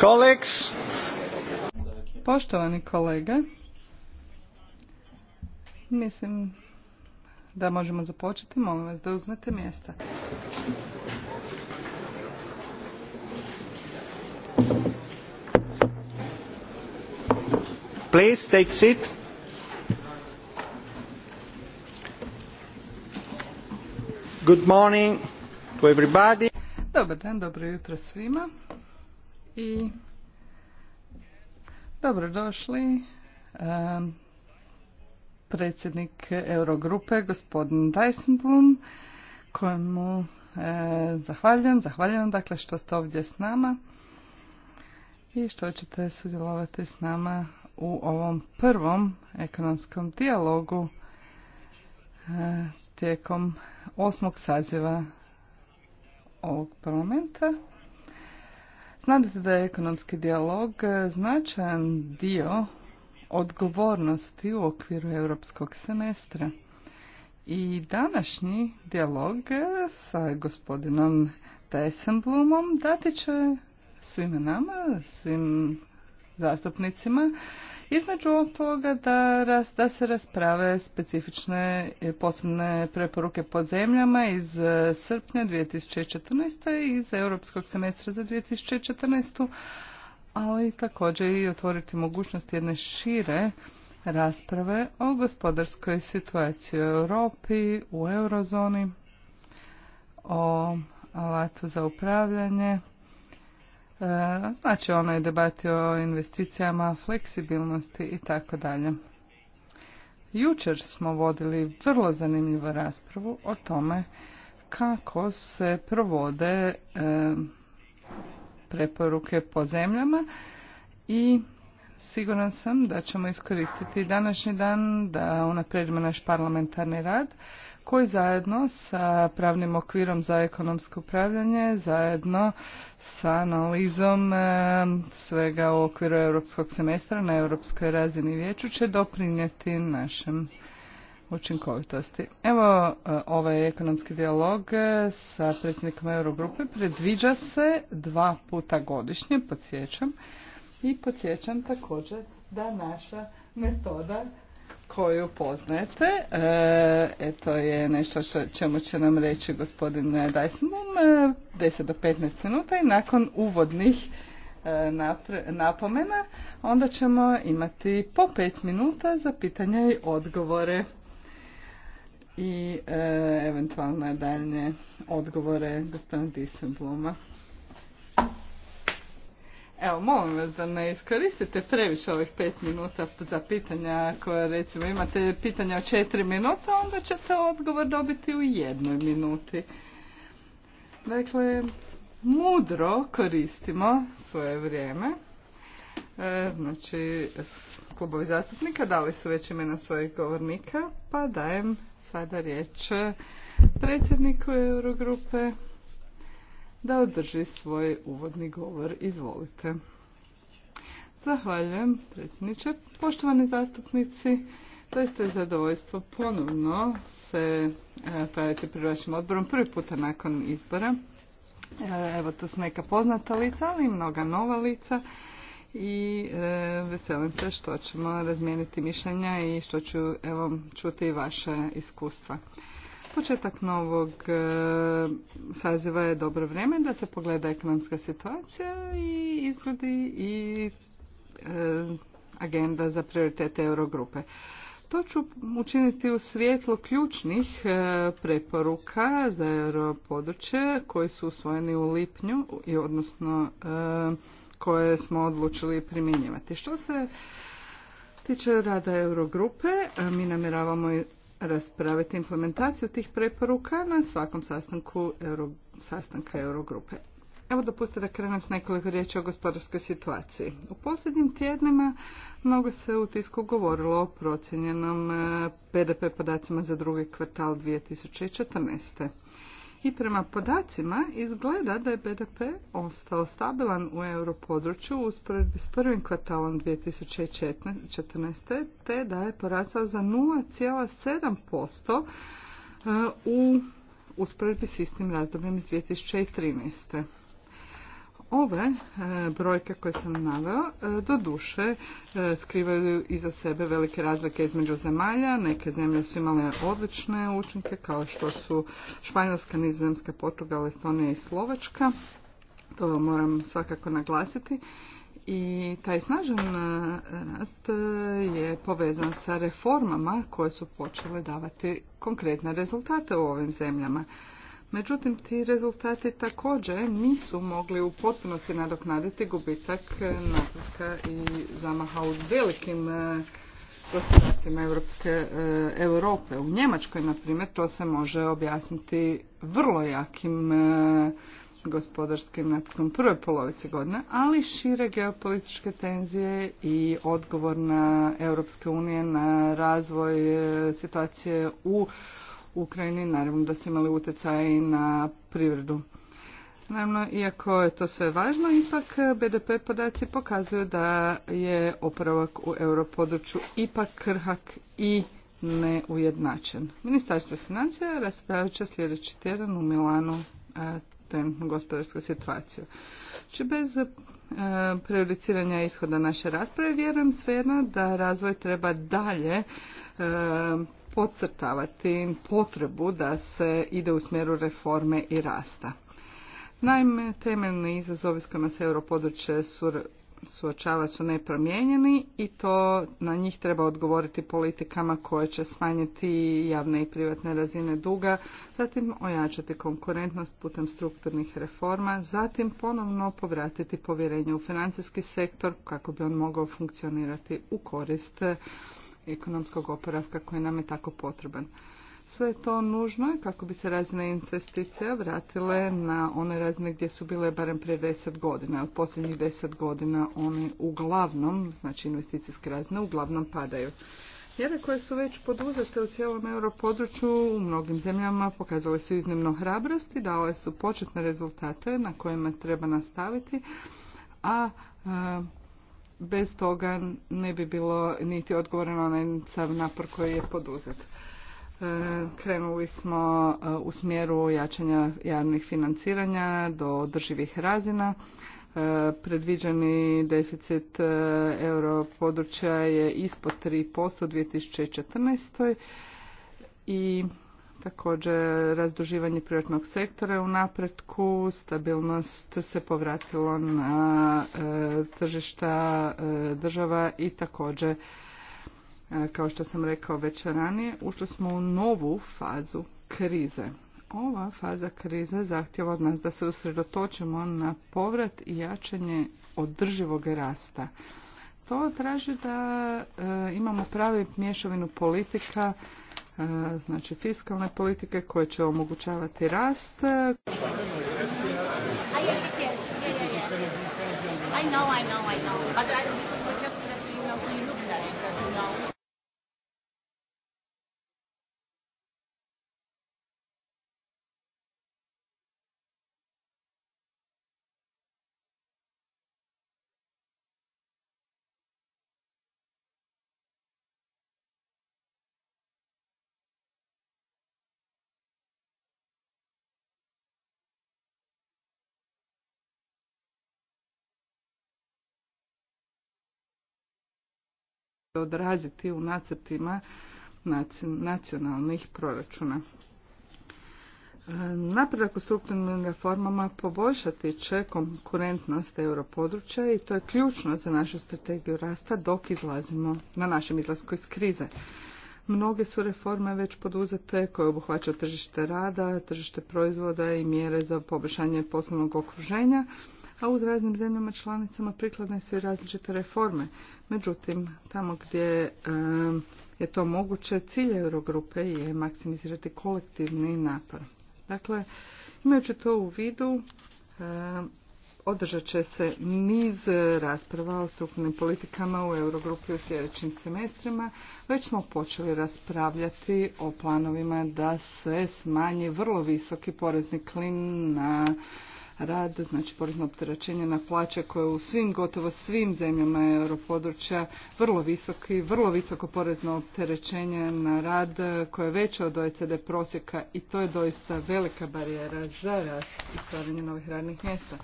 Colleagues. Poštovani kolege, mislim da možemo započeti. Molim vas da uzmete mjesta. Please take seat. Good morning to everybody. Dobar dan, dobro jutro svima i dobrodošli predsjednik Eurogrupe, gospodin Dijsenblum kojemu e, zahvaljujem. Zahvaljujem dakle što ste ovdje s nama i što ćete sudjelovati s nama u ovom prvom ekonomskom dijalogu e, tijekom osmog saziva ovog parlamenta. Znate da je ekonomski dijalog e, značajan dio odgovornosti u okviru europskog semestra. I današnji dijalog e, sa gospodinom Dijsselbloemom dati će svima nama, svim zastupnicima između ostaloga da, da se rasprave specifične e, posebne preporuke po zemljama iz e, srpnja 2014. i iz europskog semestra za 2014. ali također i otvoriti mogućnost jedne šire rasprave o gospodarskoj situaciji u Europi, u eurozoni, o alatu za upravljanje E, znači ono je debati o investicijama, fleksibilnosti i tako dalje. Jučer smo vodili vrlo zanimljivu raspravu o tome kako se provode e, preporuke po zemljama i siguran sam da ćemo iskoristiti današnji dan da unaprijedimo naš parlamentarni rad koji zajedno sa pravnim okvirom za ekonomsko upravljanje, zajedno sa analizom e, svega u okviru europskog semestra na europskoj razini vijeću će doprinijeti našem učinkovitosti. Evo e, ovaj ekonomski dijalog e, sa predsjednikom Eurogrupe predviđa se dva puta godišnje, podsjećam. I podsjećam također da naša metoda koju poznajete. E, to je nešto što, čemu će nam reći gospodin Dyson 10 e, do 15 minuta i nakon uvodnih e, napomena onda ćemo imati po 5 minuta za pitanja i odgovore i e, eventualne daljnje odgovore gospodina Dyson Evo, molim vas da ne iskoristite previše ovih pet minuta za pitanja. Ako recimo imate pitanja o četiri minuta, onda ćete odgovor dobiti u jednoj minuti. Dakle, mudro koristimo svoje vrijeme. E, znači, klubovi zastupnika dali su već imena svojih govornika, pa dajem sada riječ predsjedniku Eurogrupe, da održi svoj uvodni govor. Izvolite. Zahvaljujem, predsjedniče. Poštovani zastupnici, to je zadovoljstvo ponovno se e, pravite pri vašim odborom prvi puta nakon izbora. E, evo, to su neka poznata lica, ali i mnoga nova lica i e, veselim se što ćemo razmijeniti mišljenja i što ću evo, čuti vaše iskustva. Početak novog e, saziva je dobro vrijeme da se pogleda ekonomska situacija i izgledi i e, agenda za prioritete Eurogrupe. To ću učiniti u svjetlo ključnih e, preporuka za europodručje koji su usvojeni u lipnju i odnosno koje smo odlučili primjenjivati. Što se tiče rada Eurogrupe, mi namjeravamo raspraviti implementaciju tih preporuka na svakom sastanku Euro, sastanka Eurogrupe. Evo dopustite da krenem s nekoliko riječi o gospodarskoj situaciji. U posljednjim tjednima mnogo se u tisku govorilo o procijenjenom PDP eh, podacima za drugi kvartal 2014. I prema podacima izgleda da je BDP ostao stabilan u europodručju u usporedbi s prvim kvartalom 2014. te da je porastao za 0,7% e, u usporedbi s istim razdobljem iz 2013. Ove e, brojke koje sam naveo e, do duše e, skrivaju iza sebe velike razlike između zemalja. Neke zemlje su imale odlične učinke kao što su Španjolska, Nizozemska, Portugal, Estonija i Slovačka. To moram svakako naglasiti. I taj snažan rast je povezan sa reformama koje su počele davati konkretne rezultate u ovim zemljama. Međutim, ti rezultati također nisu mogli u potpunosti nadoknaditi gubitak e, napretka i zamaha u velikim e, gospodarstvima Europske, e, Europe. U Njemačkoj, na primjer, to se može objasniti vrlo jakim gospodarskim napretkom prve polovice godine, ali šire geopolitičke tenzije i odgovor na Europske unije na razvoj situacije u u Ukrajini, naravno da su imali utjecaj i na privredu. Naravno, iako je to sve važno, ipak BDP podaci pokazuju da je oporavak u europodručju ipak krhak i neujednačen. Ministarstvo financija raspravit će sljedeći tjedan u Milanu trenutnu gospodarsku situaciju. Či znači, bez e, prejudiciranja ishoda naše rasprave vjerujem svejedno da razvoj treba dalje podcrtavati potrebu da se ide u smjeru reforme i rasta. Naime, temeljni izazovi s kojima se europodručje suočava su nepromijenjeni i to na njih treba odgovoriti politikama koje će smanjiti javne i privatne razine duga, zatim ojačati konkurentnost putem strukturnih reforma, zatim ponovno povratiti povjerenje u financijski sektor kako bi on mogao funkcionirati u korist ekonomskog oporavka koji nam je tako potreban. Sve je to nužno kako bi se razine investicija vratile na one razine gdje su bile barem prije deset godina. Od posljednjih deset godina one uglavnom, znači investicijske razine, uglavnom padaju. Mjere koje su već poduzete u cijelom europodručju u mnogim zemljama pokazale su iznimno hrabrost i dale su početne rezultate na kojima treba nastaviti, a bez toga ne bi bilo niti odgovoreno na sav napor koji je poduzet. E, krenuli smo e, u smjeru jačanja javnih financiranja do održivih razina. E, predviđeni deficit euro područja je ispod 3% u 2014. i Također, razduživanje privatnog sektora je u napretku, stabilnost se povratilo na e, tržišta e, država i također, e, kao što sam rekao već ranije, ušli smo u novu fazu krize. Ova faza krize zahtjeva od nas da se usredotočimo na povrat i jačanje održivog rasta. To traži da imamo pravi mješavinu politika, znači fiskalne politike koje će omogućavati rast. odraziti u nacrtima nacionalnih proračuna. E, napredak u strukturnim reformama poboljšati će konkurentnost europodručja i to je ključno za našu strategiju rasta dok izlazimo na našem izlasku iz krize. Mnoge su reforme već poduzete koje obuhvaćaju tržište rada, tržište proizvoda i mjere za poboljšanje poslovnog okruženja, a u raznim zemljama članicama prikladne su i različite reforme. Međutim, tamo gdje je to moguće, cilj Eurogrupe je maksimizirati kolektivni napor. Dakle, imajući to u vidu, održat će se niz rasprava o strukturnim politikama u Eurogrupi u sljedećim semestrima. Već smo počeli raspravljati o planovima da se smanji vrlo visoki porezni klin na rad, znači porezno opterećenje na plaće koje u svim, gotovo svim zemljama europodručja vrlo visoki, vrlo visoko porezno opterećenje na rad koje je veće od OECD prosjeka i to je doista velika barijera za rast i stvaranje novih radnih mjesta.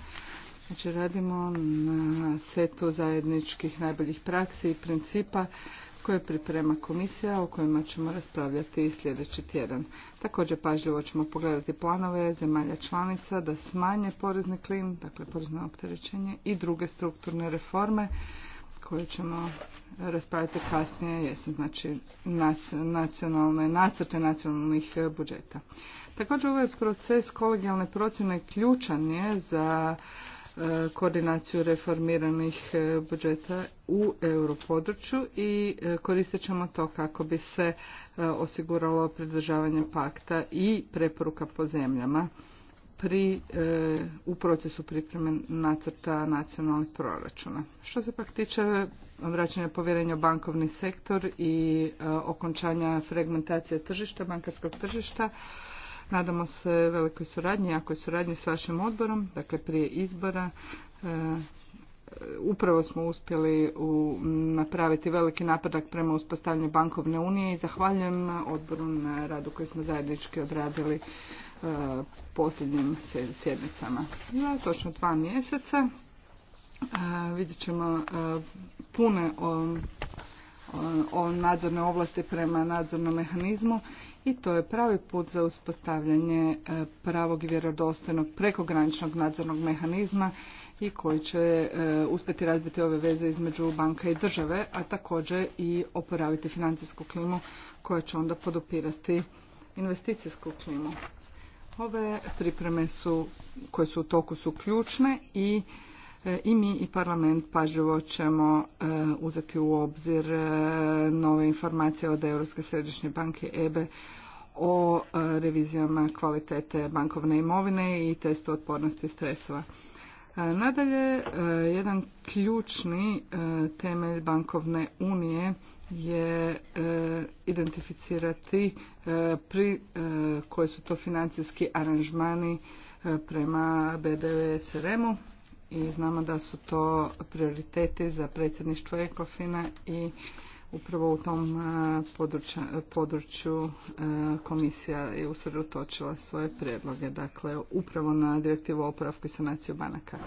Znači radimo na setu zajedničkih najboljih praksi i principa koje priprema komisija o kojima ćemo raspravljati sljedeći tjedan. Također pažljivo ćemo pogledati planove zemalja članica da smanje porezni klin, dakle porezno opterećenje i druge strukturne reforme koje ćemo raspraviti kasnije, jesam, znači nacionalne, nacrte nacionalnih budžeta. Također ovaj proces kolegijalne procjene ključan je za koordinaciju reformiranih e, budžeta u europodručju i e, koristit ćemo to kako bi se e, osiguralo pridržavanje pakta i preporuka po zemljama pri, u procesu pripreme nacrta nacionalnih proračuna. Što se pak tiče vraćanja povjerenja u bankovni sektor i okončanja fragmentacije tržišta, bankarskog tržišta, Nadamo se velikoj suradnji, ako je suradnji s vašim odborom, dakle prije izbora e, upravo smo uspjeli napraviti veliki napredak prema uspostavljanju bankovne unije i zahvaljujem odboru na radu koji smo zajednički odradili e, posljednjim sjednicama. točno dva mjeseca e, vidjet ćemo pune o, nadzorne ovlasti prema nadzornom mehanizmu i to je pravi put za uspostavljanje e, pravog i vjerodostojnog prekograničnog nadzornog mehanizma i koji će e, uspjeti razbiti ove veze između banka i države, a također i oporaviti financijsku klimu koja će onda podupirati investicijsku klimu. Ove pripreme su, koje su u toku su ključne i i mi i parlament pažljivo ćemo e, uzeti u obzir e, nove informacije od Europske središnje banke EBE e o revizijama kvalitete bankovne imovine i testu otpornosti stresova. Nadalje, jedan ključni temelj bankovne unije je identificirati pri koji su to financijski aranžmani prema BDSRM-u i znamo da su to prioriteti za predsjedništvo Ekofina i upravo u tom e, području, e, komisija je usredotočila svoje predloge, dakle upravo na direktivu o oporavku i sanaciju banaka.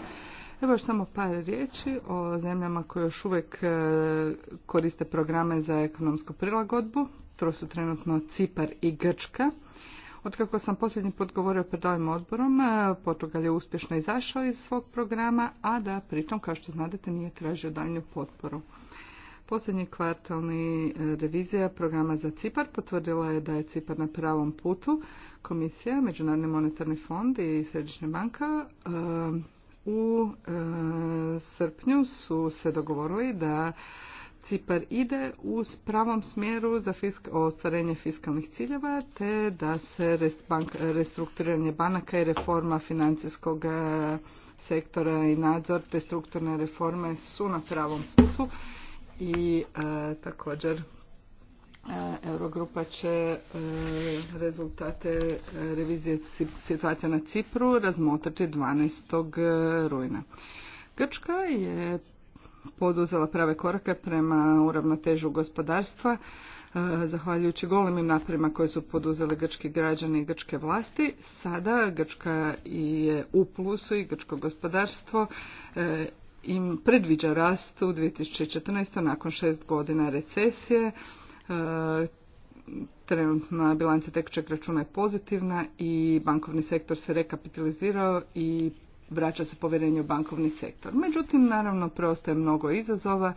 Evo još samo par riječi o zemljama koje još uvijek e, koriste programe za ekonomsku prilagodbu. To su trenutno Cipar i Grčka. Otkako sam posljednji put govorio pred ovim odborom, e, Portugal je uspješno izašao iz svog programa, a da pritom, kao što znate, nije tražio daljnju potporu. Posljednji kvartalni e, revizija programa za Cipar potvrdila je da je Cipar na pravom putu. Komisija, Međunarodni monetarni fond i Središnja banka e, u srpnju su se dogovorili da Cipar ide u pravom smjeru za fisk ostvarenje fiskalnih ciljeva, te da se restrukturiranje banaka i reforma financijskog e, sektora i nadzor, te strukturne reforme su na pravom putu i e, također e, Eurogrupa će rezultate revizije situacije na Cipru razmotriti 12. rujna. Grčka je poduzela prave korake prema uravnotežu gospodarstva e, zahvaljujući golemim naprema koje su poduzeli grčki građani i grčke vlasti. Sada Grčka je u plusu i grčko gospodarstvo e, im predviđa rast u 2014. nakon šest godina recesije. E, trenutna bilanca tekućeg računa je pozitivna i bankovni sektor se rekapitalizirao i vraća se povjerenje u bankovni sektor. Međutim, naravno, preostaje mnogo izazova,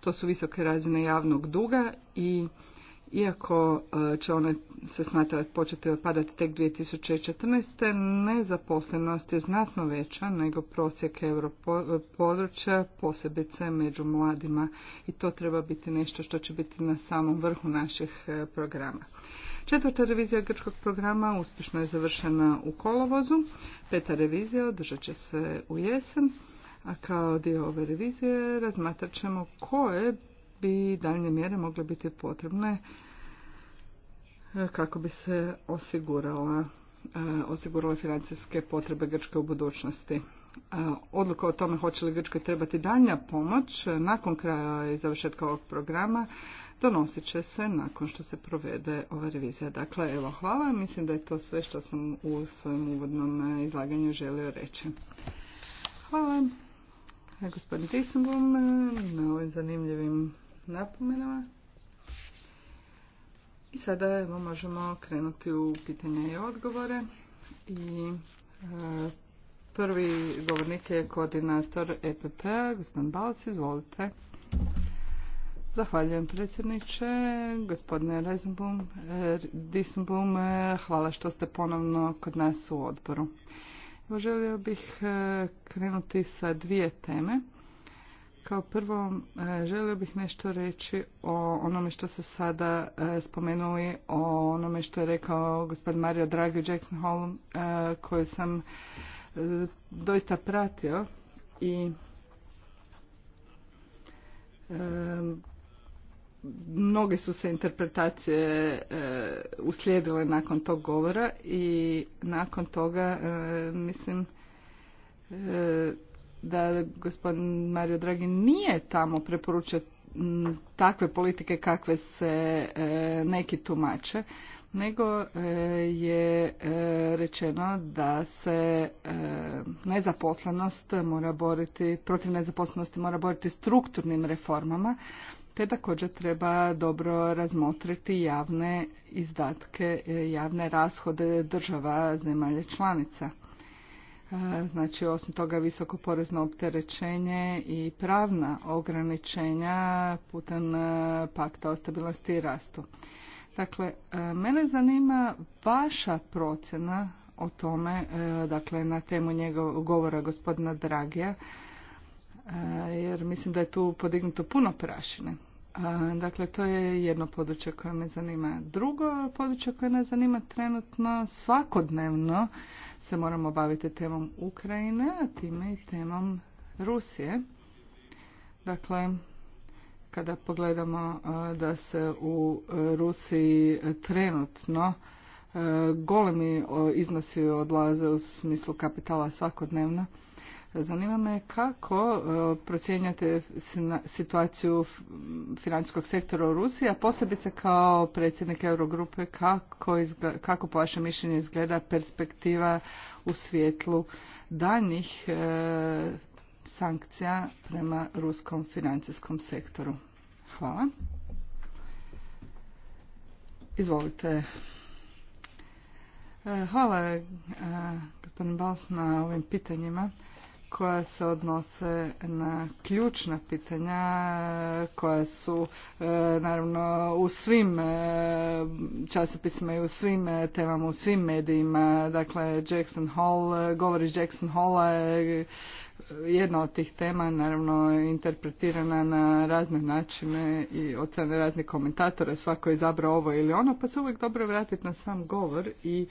to su visoke razine javnog duga i iako e, će one se smatrati početi padati tek 2014. nezaposlenost je znatno veća nego prosjek europodručja, posebice među mladima i to treba biti nešto što će biti na samom vrhu naših e, programa. Četvrta revizija grčkog programa uspješno je završena u kolovozu. Peta revizija održat će se u jesen, a kao dio ove revizije razmatrat ćemo koje bi daljnje mjere mogle biti potrebne e, kako bi se osigurala e, osigurale financijske potrebe Grčke u budućnosti. E, odluka o tome hoće li Grčkoj trebati daljnja pomoć nakon kraja i završetka ovog programa donosit će se nakon što se provede ova revizija. Dakle, evo, hvala. Mislim da je to sve što sam u svojem uvodnom e, izlaganju želio reći. Hvala e, gospodin Tisnbom e, na ovim zanimljivim napomenama. I sada evo, možemo krenuti u pitanje i odgovore. I prvi govornik je koordinator EPP, p-a, gospodin Balc, izvolite. Zahvaljujem predsjedniče, gospodine Rezenbum, eh, Disenbum, eh, hvala što ste ponovno kod nas u odboru. Želio bih eh, krenuti sa dvije teme. Kao prvo, želio bih nešto reći o onome što se sada spomenuli, o onome što je rekao gospodin Mario Draghi Jackson Hall, koju sam doista pratio i mnoge su se interpretacije e, uslijedile nakon tog govora i nakon toga e, mislim e, da gospodin Mario Draghi nije tamo preporučio takve politike kakve se neki tumače nego je rečeno da se nezaposlenost mora boriti protiv nezaposlenosti mora boriti strukturnim reformama te također treba dobro razmotriti javne izdatke, e, javne rashode država zemalja članica. E, znači, osim toga visoko porezno opterećenje i pravna ograničenja putem e, pakta o stabilnosti i rastu. Dakle, mene zanima vaša procjena o tome, dakle, na temu njegov, govora gospodina Dragija, jer mislim da je tu podignuto puno prašine. Dakle, to je jedno područje koje me zanima. Drugo područje koje nas zanima trenutno svakodnevno se moramo baviti temom Ukrajine, a time i temom Rusije. Dakle, kada pogledamo da se u Rusiji trenutno golemi iznosi odlaze u smislu kapitala svakodnevno, Zanima me kako e, procjenjate situaciju financijskog sektora u Rusiji, a posebice kao predsjednik Eurogrupe, kako, izgleda, kako po vašem mišljenju izgleda perspektiva u svjetlu danjih e, sankcija prema ruskom financijskom sektoru. Hvala. Izvolite. E, hvala gospodin Bals na ovim pitanjima koja se odnose na ključna pitanja koja su e, naravno u svim e, časopisima i u svim e, temama, u svim medijima. Dakle, Jackson Hall, govori Jackson Halla je jedna od tih tema naravno interpretirana na razne načine i od strane raznih komentatora, svako je izabrao ovo ili ono, pa se uvijek dobro vratiti na sam govor i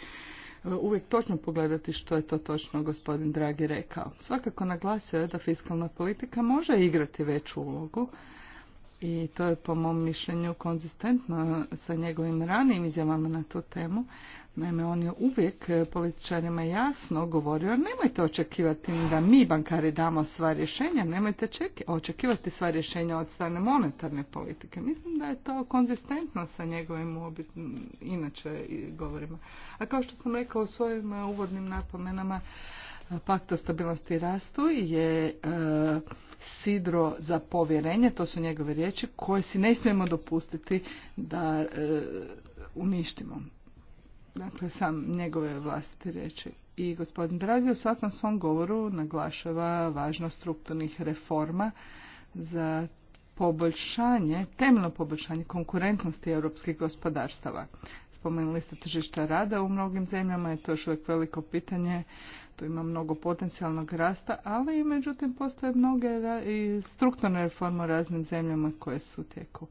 E, uvijek točno pogledati što je to točno gospodin Dragi rekao. Svakako naglasio je da fiskalna politika može igrati veću ulogu i to je po mom mišljenju konzistentno sa njegovim ranijim izjavama na tu temu, Naime, on je uvijek e, političarima jasno govorio, nemojte očekivati da mi bankari damo sva rješenja, nemojte očekivati sva rješenja od strane monetarne politike. Mislim da je to konzistentno sa njegovim inače govorima. A kao što sam rekao u svojim e, uvodnim napomenama, e, Pakt o stabilnosti i rastu je sidro za povjerenje, to su njegove riječi, koje si ne smijemo dopustiti da uništimo dakle sam njegove vlastite riječi. I gospodin Dragi u svakom svom govoru naglašava važnost strukturnih reforma za poboljšanje, temeljno poboljšanje konkurentnosti europskih gospodarstava. Spomenuli ste tržišta rada u mnogim zemljama, je to još uvijek veliko pitanje, tu ima mnogo potencijalnog rasta, ali i međutim postoje mnoge i strukturne reforme u raznim zemljama koje su tijeku.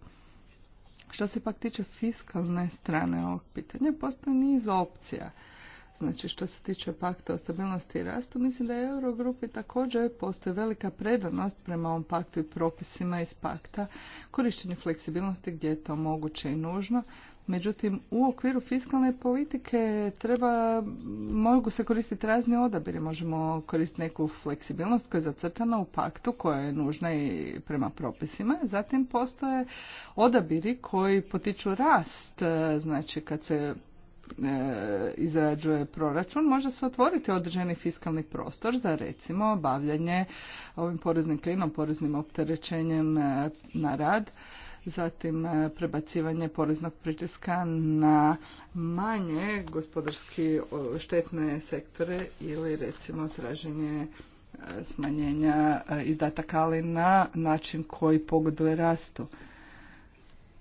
Što se pak tiče fiskalne strane ovog pitanja, postoji niz opcija. Znači, što se tiče pakta o stabilnosti i rastu, mislim da je Eurogrupi također postoji velika predanost prema ovom paktu i propisima iz pakta, korištenju fleksibilnosti gdje je to moguće i nužno, Međutim, u okviru fiskalne politike treba, mogu se koristiti razni odabiri. Možemo koristiti neku fleksibilnost koja je zacrtana u paktu, koja je nužna i prema propisima. Zatim postoje odabiri koji potiču rast, znači kad se e, izrađuje proračun, može se otvoriti određeni fiskalni prostor za recimo bavljanje ovim poreznim klinom, poreznim opterećenjem e, na rad zatim e, prebacivanje poreznog pritiska na manje gospodarski štetne sektore ili recimo traženje e, smanjenja e, izdataka, ali na način koji pogoduje rastu.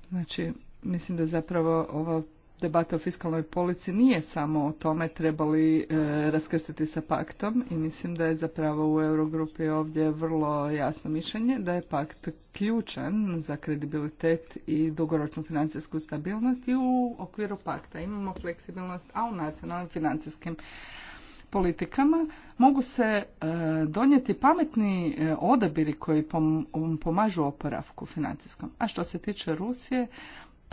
Znači, mislim da zapravo ova debata o fiskalnoj polici nije samo o tome trebali e, raskrstiti sa paktom i mislim da je zapravo u Eurogrupi ovdje vrlo jasno mišljenje da je pakt ključan za kredibilitet i dugoročnu financijsku stabilnost i u okviru pakta imamo fleksibilnost, a u nacionalnim financijskim politikama mogu se e, donijeti pametni e, odabiri koji pom, pomažu oporavku financijskom. A što se tiče Rusije,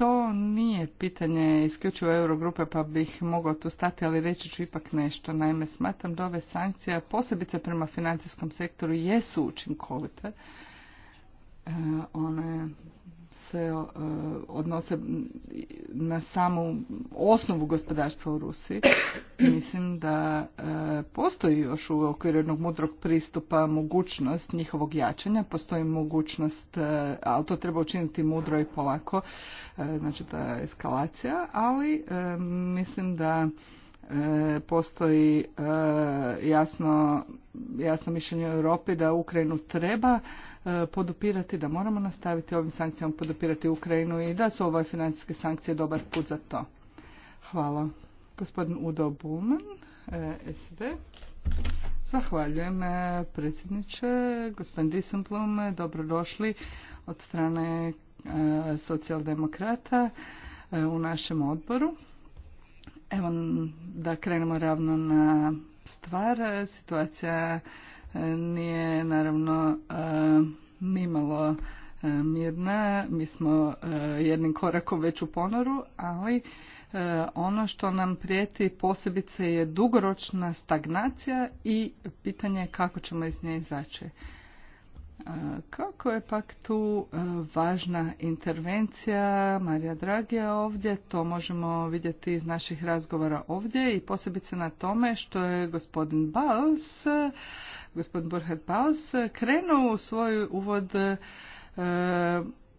to nije pitanje isključivo Eurogrupe pa bih mogao tu stati, ali reći ću ipak nešto. Naime, smatram da ove sankcije, posebice prema financijskom sektoru, jesu učinkovite. E, one se e, odnose na samu osnovu gospodarstva u Rusiji. Mislim da e, postoji još u okviru jednog mudrog pristupa mogućnost njihovog jačanja, postoji mogućnost, e, ali to treba učiniti mudro i polako, znači ta eskalacija, ali mislim da E, postoji e, jasno, jasno mišljenje u Europi da Ukrajinu treba e, podupirati, da moramo nastaviti ovim sankcijama podupirati Ukrajinu i da su ove financijske sankcije dobar put za to. Hvala. Gospodin Udo Bulman, SD. Zahvaljujem predsjedniče, gospodin Disemplum, dobrodošli od strane socijaldemokrata u našem odboru. Evo da krenemo ravno na stvar. Situacija e, nije naravno e, nimalo e, mirna. Mi smo jednim korakom već u ponoru, ali ono što nam prijeti posebice je dugoročna stagnacija i pitanje kako ćemo iz nje izaći. Kako je pak tu e, važna intervencija Marija Dragija ovdje, to možemo vidjeti iz naših razgovora ovdje i posebice na tome što je gospodin Bals, gospodin Burhard Bals, krenuo u svoj uvod e, e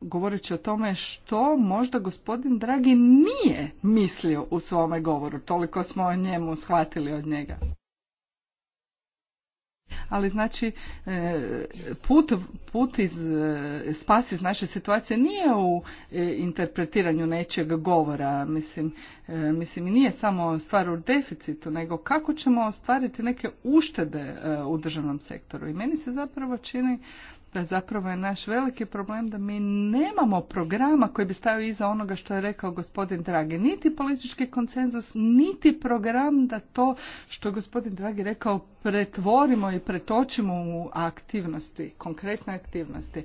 govoreći o tome što možda gospodin Dragi nije mislio u svome govoru. Toliko smo o njemu shvatili od njega ali znači e, put, put iz, e, spas iz naše situacije nije u e, interpretiranju nečeg govora, mislim, mislim nije samo stvar u deficitu, nego kako ćemo ostvariti neke uštede u državnom sektoru. I meni se zapravo čini da zapravo je naš veliki problem da mi nemamo programa koji bi stavio iza onoga što je rekao gospodin Dragi. Niti politički konsenzus, niti program da to što je gospodin Dragi rekao pretvorimo i pretočimo u aktivnosti, konkretne aktivnosti.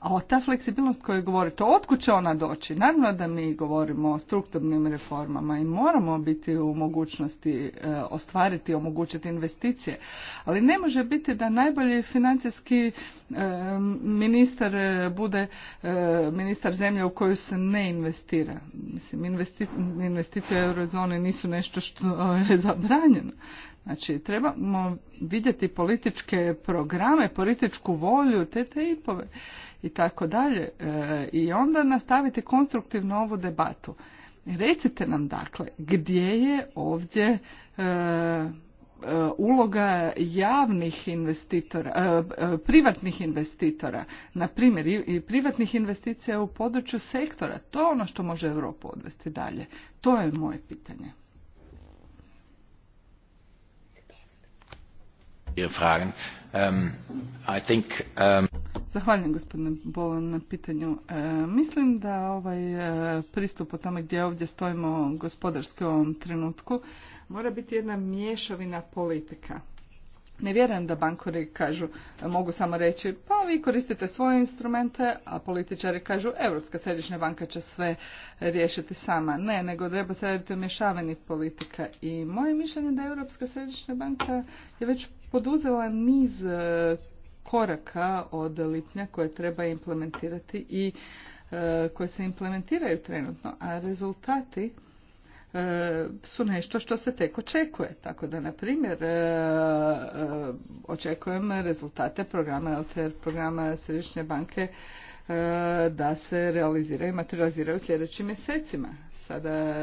A o ta fleksibilnost koju govorite, otkud će ona doći? Naravno da mi govorimo o strukturnim reformama i moramo biti u mogućnosti e, ostvariti, omogućiti investicije. Ali ne može biti da najbolji financijski e, ministar eh, bude eh, ministar zemlje u koju se ne investira. Mislim, investicije u eurozone nisu nešto što je zabranjeno. Znači, trebamo vidjeti političke programe, političku volju, te tipove i tako dalje. Eh, I onda nastaviti konstruktivno ovu debatu. Recite nam dakle, gdje je ovdje E, uloga javnih investitora, e, e, privatnih investitora, na primjer i privatnih investicija u području sektora, to je ono što može Europu odvesti dalje. To je moje pitanje. Ihre Fragen. Ähm, ähm, Zahvaljujem gospodine Bolan na pitanju. E, mislim da ovaj e, pristup o tome gdje ovdje stojimo gospodarski u ovom trenutku mora biti jedna mješovina politika. Ne vjerujem da bankori kažu, e, mogu samo reći, pa vi koristite svoje instrumente, a političari kažu, Europska središnja banka će sve riješiti sama. Ne, nego treba se raditi o politika. I moje mišljenje je da Europska središnja banka je već poduzela niz koraka od lipnja koje treba implementirati i e, koje se implementiraju trenutno, a rezultati e, su nešto što se tek očekuje. Tako da, na primjer, e, očekujem rezultate programa LTR, programa Središnje banke da se realiziraju i materializiraju u sljedećim mjesecima. Sada,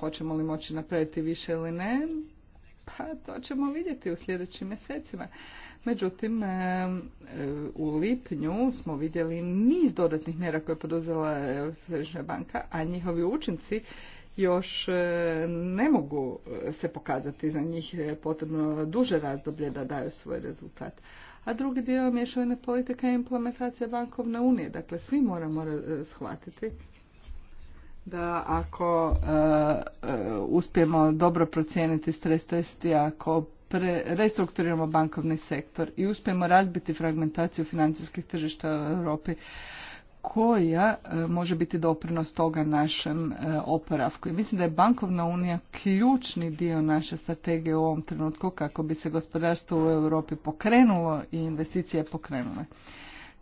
hoćemo li moći napraviti više ili ne, pa to ćemo vidjeti u sljedećim mjesecima. Međutim, e, e, u lipnju smo vidjeli niz dodatnih mjera koje je poduzela Europska središnja banka, a njihovi učinci još e, ne mogu se pokazati za njih je potrebno duže razdoblje da daju svoj rezultat. A drugi dio mješavine politika i implementacija bankovne unije. Dakle, svi moramo shvatiti da ako uspijemo dobro procijeniti stres testi, ako restrukturiramo bankovni sektor i uspijemo razbiti fragmentaciju financijskih tržišta u Europi koja e, može biti doprinos toga našem e, oporavku. I mislim da je bankovna unija ključni dio naše strategije u ovom trenutku kako bi se gospodarstvo u Europi pokrenulo i investicije pokrenule.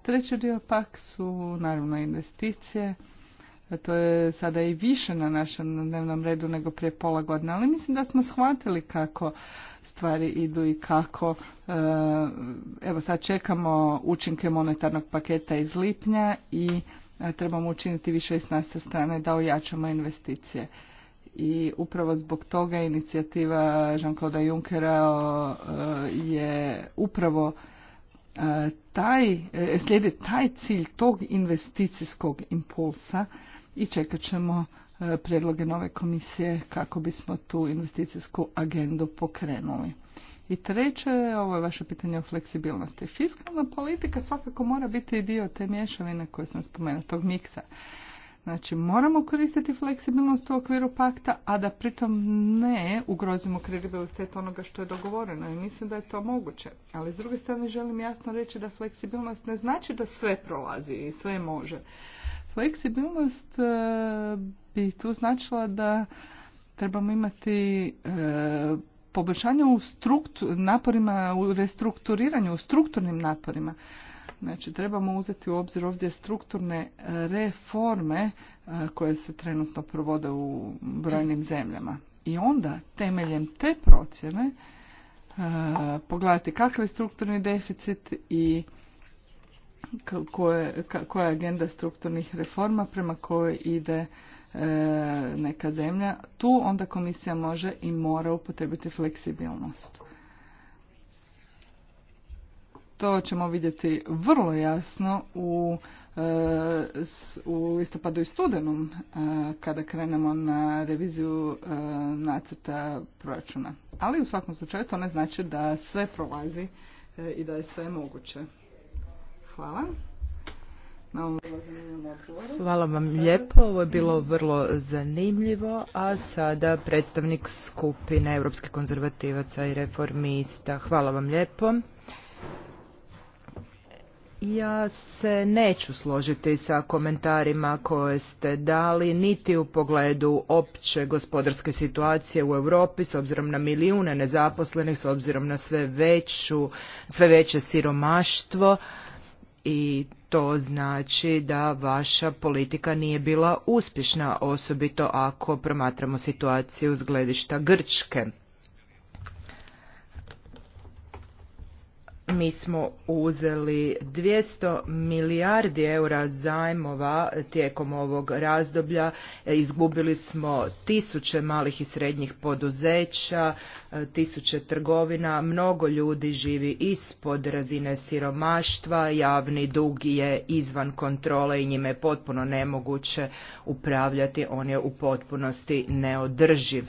Treći dio pak su naravno investicije to je sada i više na našem dnevnom redu nego prije pola godine, ali mislim da smo shvatili kako stvari idu i kako. E, evo sad čekamo učinke monetarnog paketa iz lipnja i e, trebamo učiniti više iz s naše strane da ojačamo investicije. I upravo zbog toga inicijativa Jean-Claude Junckera e, je upravo taj, slijedi taj cilj tog investicijskog impulsa i čekat ćemo e, prijedloge nove komisije kako bismo tu investicijsku agendu pokrenuli. I treće, ovo je vaše pitanje o fleksibilnosti. Fiskalna politika svakako mora biti i dio te mješavine koje sam spomenula, tog miksa. Znači, moramo koristiti fleksibilnost u okviru pakta, a da pritom ne ugrozimo kredibilitet onoga što je dogovoreno i mislim da je to moguće. Ali s druge strane želim jasno reći da fleksibilnost ne znači da sve prolazi i sve može. Fleksibilnost e, bi tu značila da trebamo imati e, poboljšanje u naporima, u restrukturiranju, u strukturnim naporima. Znači, trebamo uzeti u obzir ovdje strukturne e, reforme koje se trenutno provode u brojnim zemljama. I onda, temeljem te procjene, pogledati kakav je strukturni deficit i koja je agenda strukturnih reforma prema kojoj ide e, neka zemlja, tu onda komisija može i mora upotrebiti fleksibilnost. To ćemo vidjeti vrlo jasno u, e, u listopadu i studenom e, kada krenemo na reviziju nacrta proračuna. Ali u svakom slučaju to ne znači da sve prolazi i da je sve moguće. Hvala. Hvala vam lijepo, ovo je bilo vrlo zanimljivo, a sada predstavnik skupine Europskih konzervativaca i reformista. Hvala vam lijepo. Ja se neću složiti sa komentarima koje ste dali niti u pogledu opće gospodarske situacije u Europi s obzirom na milijune nezaposlenih, s obzirom na sve veću, sve veće siromaštvo i to znači da vaša politika nije bila uspješna, osobito ako promatramo situaciju s gledišta Grčke. mi smo uzeli 200 milijardi eura zajmova tijekom ovog razdoblja, izgubili smo tisuće malih i srednjih poduzeća, e, tisuće trgovina, mnogo ljudi živi ispod razine siromaštva, javni dug je izvan kontrole i njime je potpuno nemoguće upravljati, on je u potpunosti neodrživ.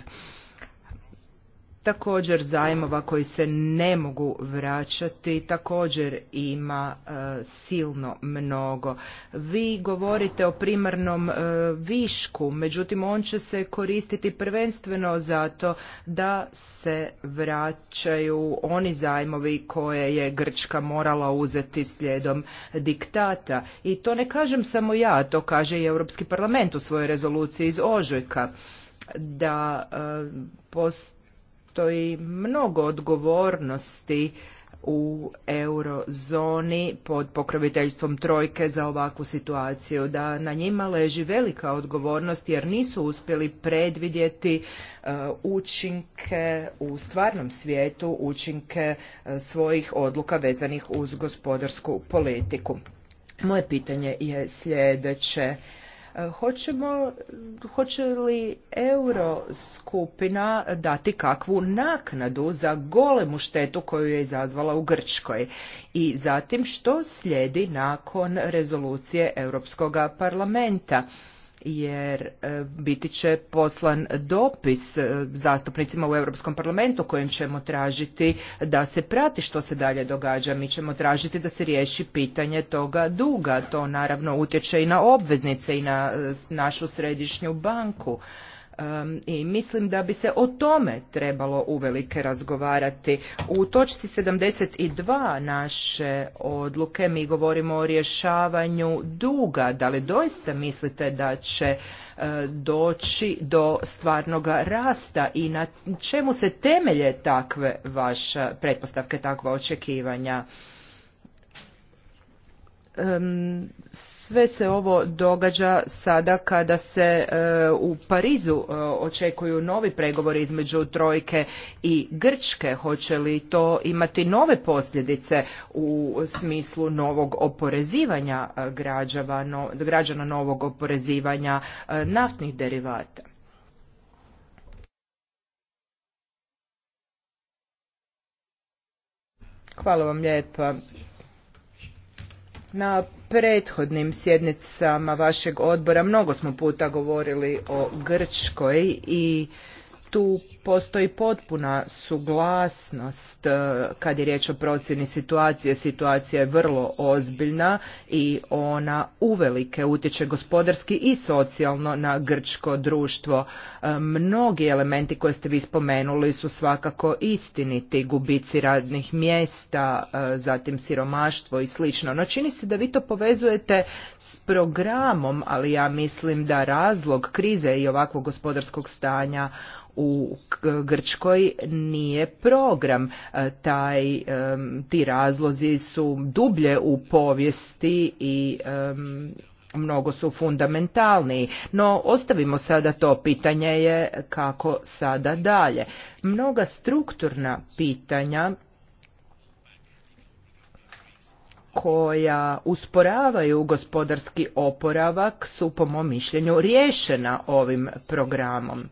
Također zajmova koji se ne mogu vraćati također ima e, silno mnogo. Vi govorite o primarnom e, višku, međutim on će se koristiti prvenstveno zato da se vraćaju oni zajmovi koje je Grčka morala uzeti slijedom diktata. I to ne kažem samo ja, to kaže i Europski parlament u svojoj rezoluciji iz ožujka da e, postoji mnogo odgovornosti u eurozoni pod pokroviteljstvom trojke za ovakvu situaciju, da na njima leži velika odgovornost jer nisu uspjeli predvidjeti e, učinke u stvarnom svijetu, učinke e, svojih odluka vezanih uz gospodarsku politiku. Moje pitanje je sljedeće. Hoćemo, hoće li euro skupina dati kakvu naknadu za golemu štetu koju je izazvala u Grčkoj? I zatim što slijedi nakon rezolucije Europskog parlamenta? jer e, biti će poslan dopis e, zastupnicima u Europskom parlamentu kojim ćemo tražiti da se prati što se dalje događa. Mi ćemo tražiti da se riješi pitanje toga duga. To naravno utječe i na obveznice i na e, našu središnju banku. I mislim da bi se o tome trebalo uvelike razgovarati. U točci 72 naše odluke mi govorimo o rješavanju duga. Da li doista mislite da će e, doći do stvarnog rasta i na čemu se temelje takve vaše pretpostavke, takva očekivanja? sve se ovo događa sada kada se e, u Parizu e, očekuju novi pregovori između Trojke i Grčke. Hoće li to imati nove posljedice u smislu novog oporezivanja e, građana, novog oporezivanja naftnih derivata? Hvala vam lijepa. Na prethodnim sjednicama vašeg odbora mnogo smo puta govorili o Grčkoj i tu postoji potpuna suglasnost e, kad je riječ o procjeni situacije. Situacija je vrlo ozbiljna i ona uvelike utječe gospodarski i socijalno na grčko društvo. E, mnogi elementi koje ste vi spomenuli su svakako istiniti, gubici radnih mjesta, e, zatim siromaštvo i slično. No čini se da vi to povezujete s programom, ali ja mislim da razlog krize i ovakvog gospodarskog stanja u Grčkoj nije program. E, taj, e, ti razlozi su dublje u povijesti i e, mnogo su fundamentalniji. No, ostavimo sada to pitanje je kako sada dalje. Mnoga strukturna pitanja koja usporavaju gospodarski oporavak su po mom mišljenju riješena ovim programom.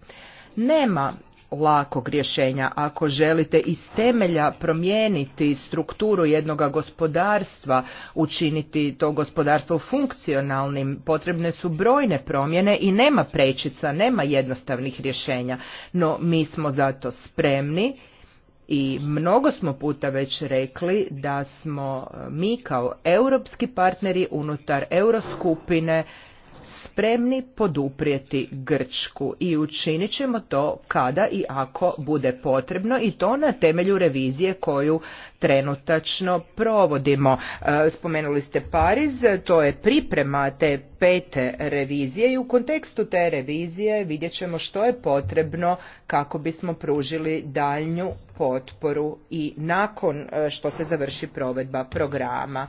Nema lakog rješenja. Ako želite iz temelja promijeniti strukturu jednog gospodarstva, učiniti to gospodarstvo funkcionalnim, potrebne su brojne promjene i nema prečica, nema jednostavnih rješenja. No mi smo zato spremni i mnogo smo puta već rekli da smo mi kao europski partneri unutar euroskupine spremni poduprijeti Grčku i učinit ćemo to kada i ako bude potrebno i to na temelju revizije koju trenutačno provodimo. E, spomenuli ste Pariz, to je priprema te pete revizije i u kontekstu te revizije vidjet ćemo što je potrebno kako bismo pružili daljnju potporu i nakon e, što se završi provedba programa.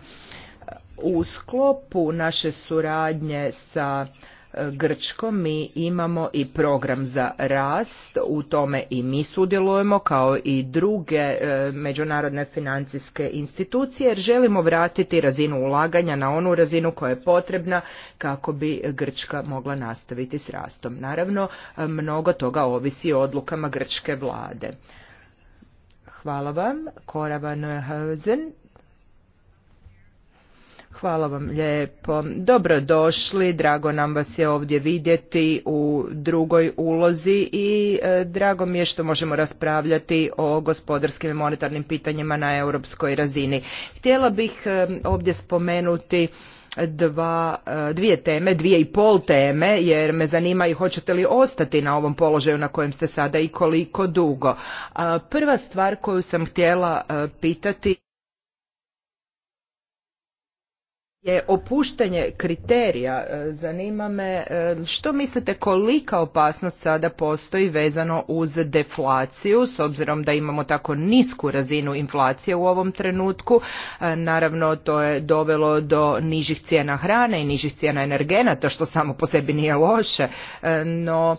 U sklopu naše suradnje sa e, Grčkom mi imamo i program za rast, u tome i mi sudjelujemo kao i druge e, međunarodne financijske institucije jer želimo vratiti razinu ulaganja na onu razinu koja je potrebna kako bi Grčka mogla nastaviti s rastom. Naravno, e, mnogo toga ovisi o odlukama grčke vlade. Hvala vam. Koravan Hauzen. Hvala vam lijepo. Dobro došli, drago nam vas je ovdje vidjeti u drugoj ulozi i e, drago mi je što možemo raspravljati o gospodarskim i monetarnim pitanjima na europskoj razini. Htjela bih e, ovdje spomenuti dva, e, dvije teme, dvije i pol teme, jer me zanima i hoćete li ostati na ovom položaju na kojem ste sada i koliko dugo. Prva stvar koju sam htjela pitati je opuštanje kriterija. E, zanima me e, što mislite kolika opasnost sada postoji vezano uz deflaciju s obzirom da imamo tako nisku razinu inflacije u ovom trenutku. E, naravno to je dovelo do nižih cijena hrane i nižih cijena energenata što samo po sebi nije loše. No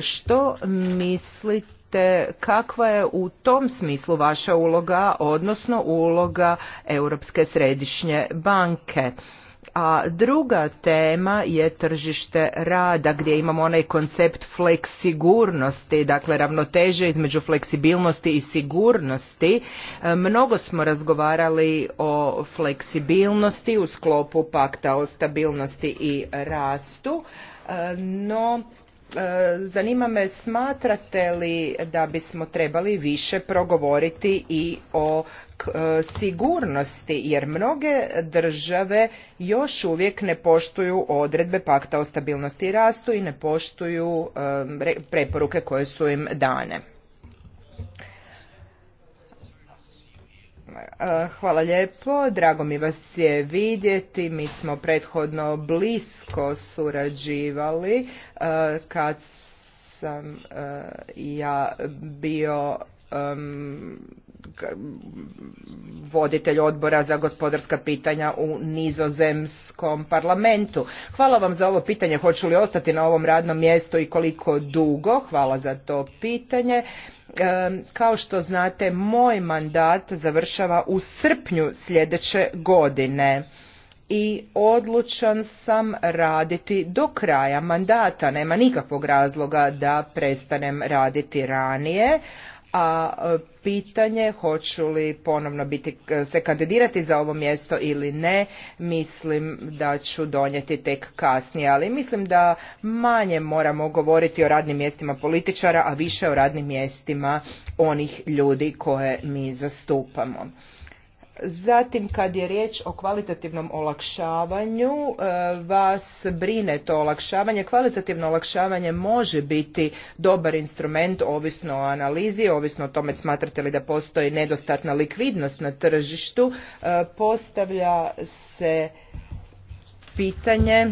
što mislite te kakva je u tom smislu vaša uloga, odnosno uloga Europske središnje banke. A druga tema je tržište rada gdje imamo onaj koncept fleksigurnosti, dakle ravnoteže između fleksibilnosti i sigurnosti. E, mnogo smo razgovarali o fleksibilnosti u sklopu pakta o stabilnosti i rastu, e, no E, zanima me smatrate li da bismo trebali više progovoriti i o e, sigurnosti jer mnoge države još uvijek ne poštuju odredbe pakta o stabilnosti i rastu i ne poštuju e, preporuke koje su im dane E, hvala lijepo, drago mi vas je vidjeti, mi smo prethodno blisko surađivali e, kad sam e, ja bio voditelj odbora za gospodarska pitanja u nizozemskom parlamentu. Hvala vam za ovo pitanje, hoću li ostati na ovom radnom mjestu i koliko dugo, hvala za to pitanje. Kao što znate, moj mandat završava u srpnju sljedeće godine i odlučan sam raditi do kraja mandata. Nema nikakvog razloga da prestanem raditi ranije, a e, pitanje hoću li ponovno biti, e, se kandidirati za ovo mjesto ili ne, mislim da ću donijeti tek kasnije, ali mislim da manje moramo govoriti o radnim mjestima političara, a više o radnim mjestima onih ljudi koje mi zastupamo. Zatim kad je riječ o kvalitativnom olakšavanju, e, vas brine to olakšavanje. Kvalitativno olakšavanje može biti dobar instrument ovisno o analizi, ovisno o tome smatrate li da postoji nedostatna likvidnost na tržištu. E, postavlja se pitanje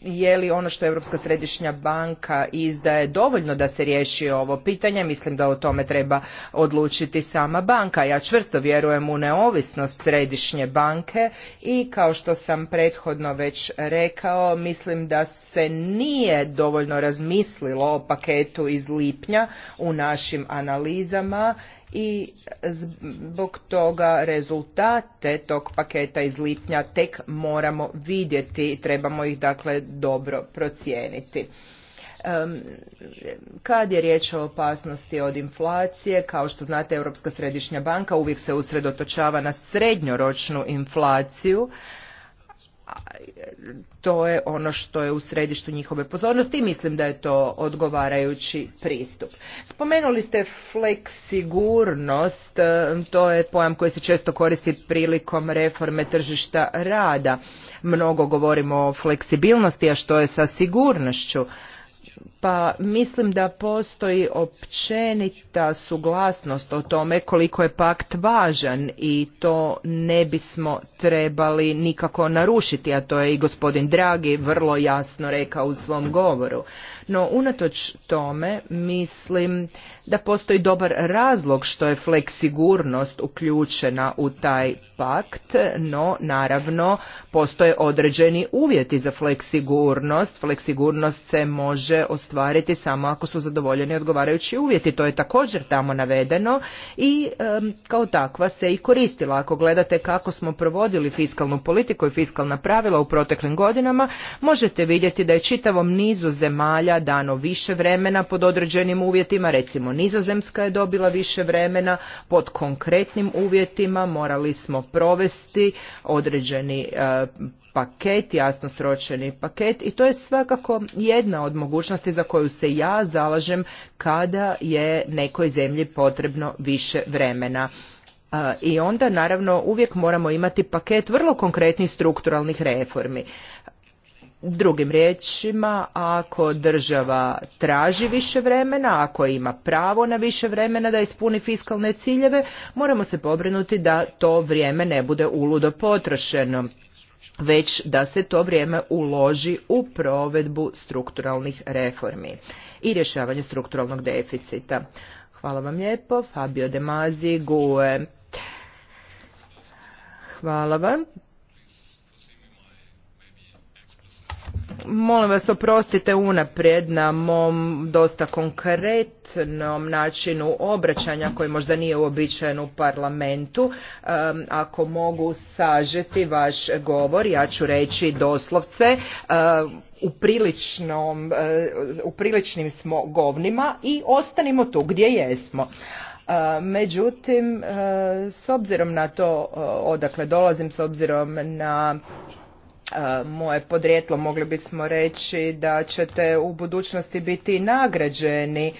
je li ono što Europska središnja banka izdaje dovoljno da se riješi ovo pitanje, mislim da o tome treba odlučiti sama banka. Ja čvrsto vjerujem u neovisnost središnje banke i kao što sam prethodno već rekao, mislim da se nije dovoljno razmislilo o paketu iz lipnja u našim analizama i zbog toga rezultate tog paketa iz lipnja tek moramo vidjeti i trebamo ih dakle dobro procijeniti. Kad je riječ o opasnosti od inflacije, kao što znate Europska središnja banka uvijek se usredotočava na srednjoročnu inflaciju to je ono što je u središtu njihove pozornosti i mislim da je to odgovarajući pristup. Spomenuli ste fleksigurnost, to je pojam koji se često koristi prilikom reforme tržišta rada. Mnogo govorimo o fleksibilnosti, a što je sa sigurnošću? pa mislim da postoji općenita suglasnost o tome koliko je pakt važan i to ne bismo trebali nikako narušiti, a to je i gospodin Dragi vrlo jasno rekao u svom govoru. No, unatoč tome, mislim da postoji dobar razlog što je fleksigurnost uključena u taj pakt, no, naravno, postoje određeni uvjeti za fleksigurnost. Fleksigurnost se može ostaviti ostvariti samo ako su zadovoljeni odgovarajući uvjeti. To je također tamo navedeno i kao takva se i koristila. Ako gledate kako smo provodili fiskalnu politiku i fiskalna pravila u proteklim godinama, možete vidjeti da je čitavom nizu zemalja dano više vremena pod određenim uvjetima, recimo Nizozemska je dobila više vremena pod konkretnim uvjetima, morali smo provesti određeni e, paket, jasno sročeni paket i to je svakako jedna od mogućnosti za koju se ja zalažem kada je nekoj zemlji potrebno više vremena. E, I onda naravno uvijek moramo imati paket vrlo konkretnih strukturalnih reformi. Drugim riječima, ako država traži više vremena, ako ima pravo na više vremena da ispuni fiskalne ciljeve, moramo se pobrinuti da to vrijeme ne bude uludo potrošeno već da se to vrijeme uloži u provedbu strukturalnih reformi i rješavanje strukturalnog deficita. Hvala vam lijepo, Fabio De GUE. Hvala vam. Molim vas oprostite unaprijed na mom dosta konkretnom načinu obraćanja koji možda nije uobičajen u parlamentu. Ako mogu sažeti vaš govor, ja ću reći doslovce, u, priličnom, u priličnim smo govnima i ostanimo tu gdje jesmo. Međutim, s obzirom na to odakle dolazim, s obzirom na E, moje podrijetlo mogli bismo reći da ćete u budućnosti biti nagrađeni e,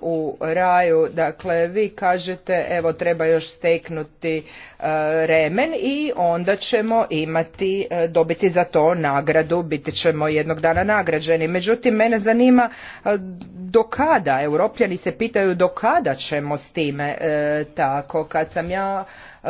u raju dakle vi kažete evo treba još steknuti e, remen i onda ćemo imati dobiti za to nagradu biti ćemo jednog dana nagrađeni međutim mene zanima do kada europljani se pitaju do kada ćemo s time tako kad sam ja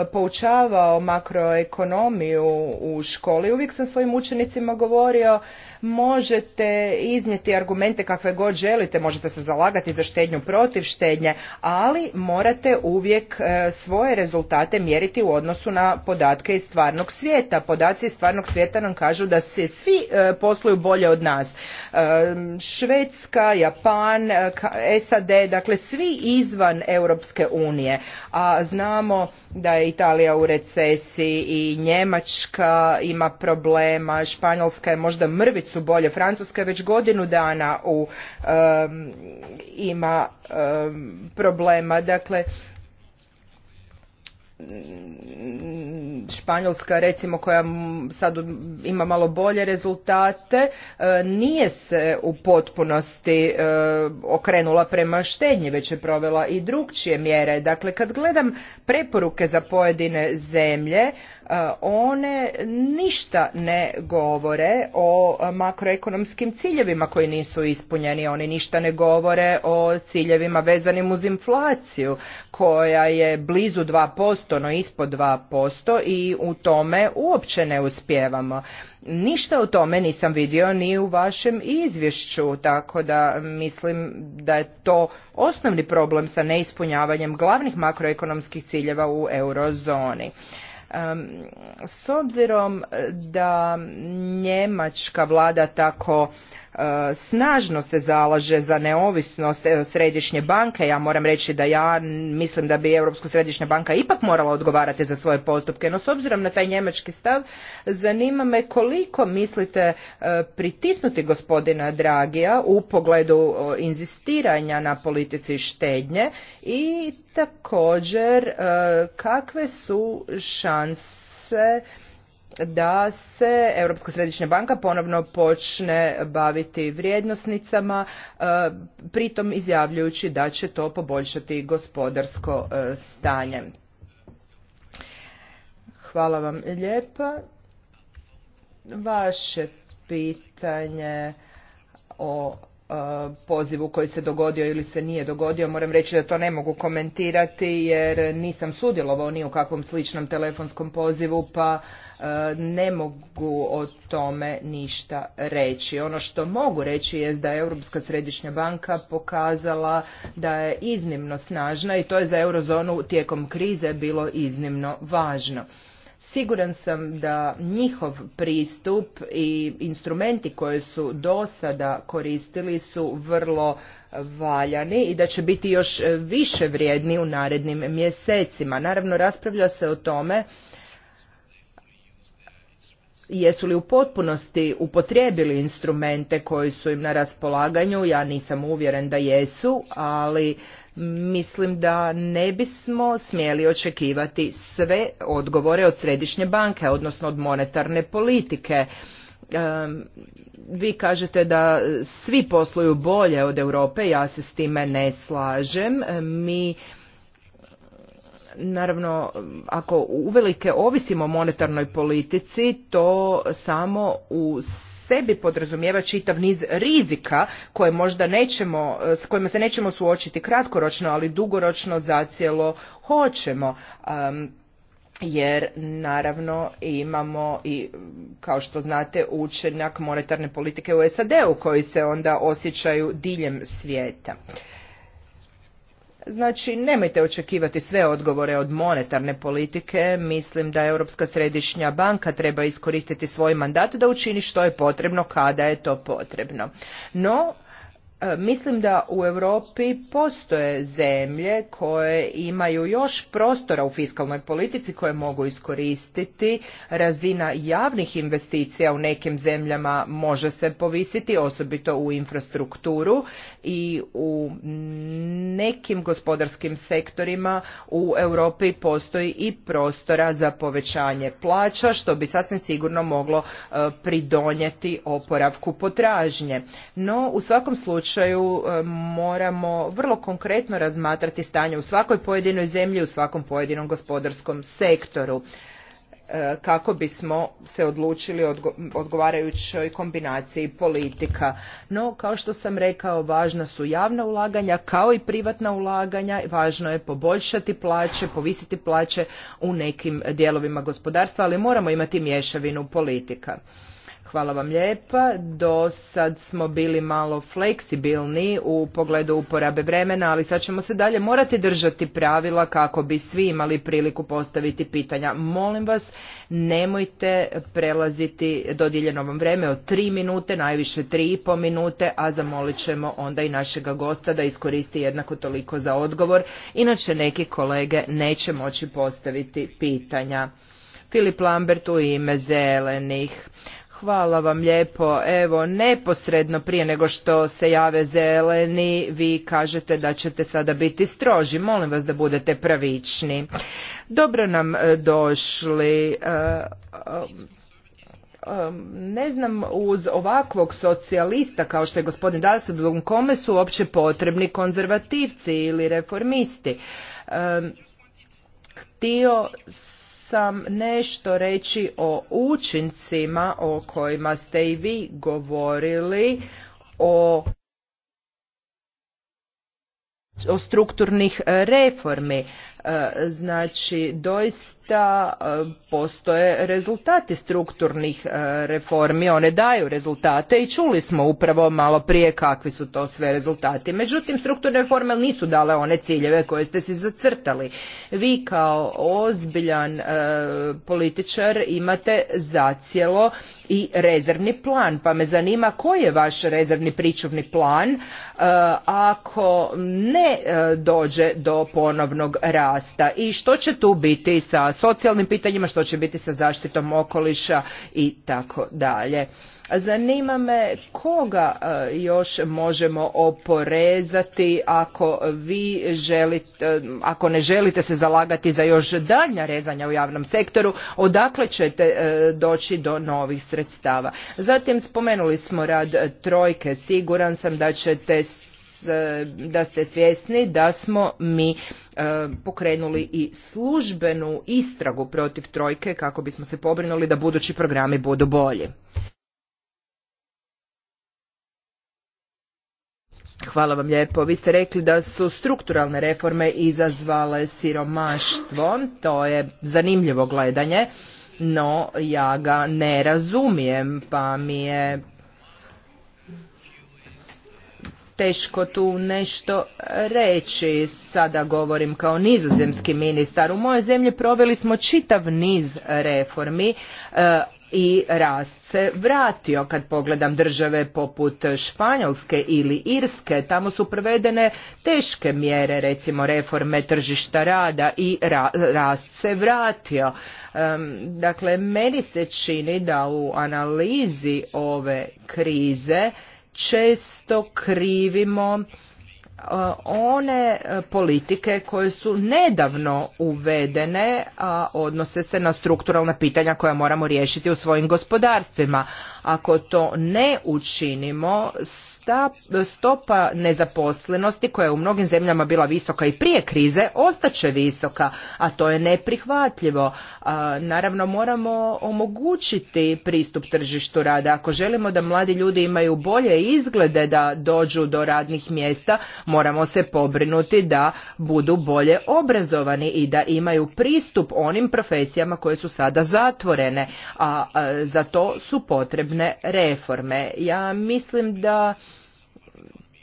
poučavao makroekonomiju u školi, uvijek sam svojim učenicima govorio možete iznijeti argumente kakve god želite, možete se zalagati za štednju protiv štednje, ali morate uvijek e, svoje rezultate mjeriti u odnosu na podatke iz stvarnog svijeta. Podaci iz stvarnog svijeta nam kažu da se svi e, posluju bolje od nas. E, Švedska, Japan, SAD, dakle svi izvan Europske unije. A znamo da je Italija u recesiji i Njemačka ima problema, Španjolska je možda mrvicu su bolje. Francuska je već godinu dana u, ima problema. Dakle, Španjolska recimo koja sad ima malo bolje rezultate e, nije se u potpunosti e, okrenula prema štednji već je provela i drugčije mjere. Dakle kad gledam preporuke za pojedine zemlje E, one ništa ne govore o makroekonomskim ciljevima koji nisu ispunjeni, oni ništa ne govore o ciljevima vezanim uz inflaciju koja je blizu 2%, no ispod 2% i u tome uopće ne uspjevamo. Ništa o tome nisam vidio ni u vašem izvješću, tako da mislim da je to osnovni problem sa neispunjavanjem glavnih makroekonomskih ciljeva u eurozoni. S obzirom da njemačka vlada tako E, snažno se zalaže za neovisnost e, središnje banke. Ja moram reći da ja mislim da bi Europska središnja banka ipak morala odgovarati za svoje postupke. No s obzirom na taj njemački stav, zanima me koliko mislite e, pritisnuti gospodina Dragija u pogledu inzistiranja na politici štednje i također kakve su šanse da se Europska središnja banka ponovno počne baviti vrijednosnicama, e, pritom izjavljujući da će to poboljšati gospodarsko e, stanje. Hvala vam lijepa. Vaše pitanje o pozivu koji se dogodio ili se nije dogodio. Moram reći da to ne mogu komentirati jer nisam sudjelovao ni u kakvom sličnom telefonskom pozivu pa e, ne mogu o tome ništa reći. Ono što mogu reći je da je Europska središnja banka pokazala da je iznimno snažna i to je za eurozonu tijekom krize bilo iznimno važno. Siguran sam da njihov pristup i instrumenti koje su do sada koristili su vrlo valjani i da će biti još više vrijedni u narednim mjesecima. Naravno, raspravlja se o tome jesu li u potpunosti upotrijebili instrumente koji su im na raspolaganju, ja nisam uvjeren da jesu, ali Mislim da ne bismo smjeli očekivati sve odgovore od središnje banke, odnosno od monetarne politike. Vi kažete da svi posluju bolje od Europe, ja se s time ne slažem. Mi naravno ako uvelike ovisimo o monetarnoj politici to samo u sebi podrazumijeva čitav niz rizika koje možda nećemo, e, s kojima se nećemo suočiti kratkoročno, ali dugoročno zacijelo hoćemo. jer naravno imamo i kao što znate učenak monetarne politike u SAD-u koji se onda osjećaju diljem svijeta. Znači, nemojte očekivati sve odgovore od monetarne politike. Mislim da Europska središnja banka treba iskoristiti svoj mandat da učini što je potrebno kada je to potrebno. No, E, mislim da u Europi postoje zemlje koje imaju još prostora u fiskalnoj politici koje mogu iskoristiti. Razina javnih investicija u nekim zemljama može se povisiti, osobito u infrastrukturu i u nekim gospodarskim sektorima u Europi postoji i prostora za povećanje plaća što bi sasvim sigurno moglo e, pridonijeti oporavku potražnje. No u svakom slučaju slučaju e, moramo vrlo konkretno razmatrati stanje u svakoj pojedinoj zemlji, u svakom pojedinom gospodarskom sektoru e, kako bismo se odlučili odgovarajućoj kombinaciji politika. No, kao što sam rekao, važna su javna ulaganja kao i privatna ulaganja. Važno je poboljšati plaće, povisiti plaće u nekim dijelovima gospodarstva, ali moramo imati mješavinu politika. Hvala vam lijepa. Do sad smo bili malo fleksibilni u pogledu uporabe vremena, ali sad ćemo se dalje morati držati pravila kako bi svi imali priliku postaviti pitanja. Molim vas, nemojte prelaziti dodijeljeno vam vreme od tri minute, najviše tri i po minute, a zamolit ćemo onda i našega gosta da iskoristi jednako toliko za odgovor, inače neki kolege neće moći postaviti pitanja. Filip Lambert u ime zelenih. Hvala vam lijepo. Evo, neposredno prije nego što se jave zeleni, vi kažete da ćete sada biti stroži. Molim vas da budete pravični. Dobro nam e, došli. E, e, ne znam uz ovakvog socijalista kao što je gospodin u kome su uopće potrebni konzervativci ili reformisti. Htio sam nešto reći o učincima o kojima ste i vi govorili, o o strukturnih reformi E, znači, doista e, postoje rezultati strukturnih e, reformi, one daju rezultate i čuli smo upravo malo prije kakvi su to sve rezultati. Međutim, strukturne reforme nisu dale one ciljeve koje ste si zacrtali. Vi kao ozbiljan političar imate zacijelo i rezervni plan. Pa me zanima koji je vaš rezervni pričuvni plan e, ako ne e, dođe do ponovnog rasta i što će tu biti sa socijalnim pitanjima, što će biti sa zaštitom okoliša i tako dalje. Zanima me koga e, još možemo oporezati ako vi želite, e, ako ne želite se zalagati za još daljnja rezanja u javnom sektoru, odakle ćete e, doći do novih sredstava. Zatim spomenuli smo rad trojke, siguran sam da ćete da ste svjesni da smo mi pokrenuli i službenu istragu protiv trojke kako bismo se pobrinuli da budući programi budu bolji. Hvala vam lijepo. Vi ste rekli da su strukturalne reforme izazvale siromaštvo. To je zanimljivo gledanje, no ja ga ne razumijem, pa mi je teško tu nešto reći. Sada govorim kao nizozemski ministar. U mojoj zemlji proveli smo čitav niz reformi, e, i rast se vratio kad pogledam države poput Španjolske ili Irske tamo su provedene teške mjere recimo reforme tržišta rada i rast se vratio dakle meni se čini da u analizi ove krize često krivimo one e, politike koje su nedavno uvedene, a odnose se na strukturalna pitanja koja moramo riješiti u svojim gospodarstvima. Ako to ne učinimo, ta stopa nezaposlenosti koja je u mnogim zemljama bila visoka i prije krize ostaće visoka, a to je neprihvatljivo. Naravno moramo omogućiti pristup tržištu rada. Ako želimo da mladi ljudi imaju bolje izglede da dođu do radnih mjesta, moramo se pobrinuti da budu bolje obrazovani i da imaju pristup onim profesijama koje su sada zatvorene, a za to su potrebne reforme. Ja mislim da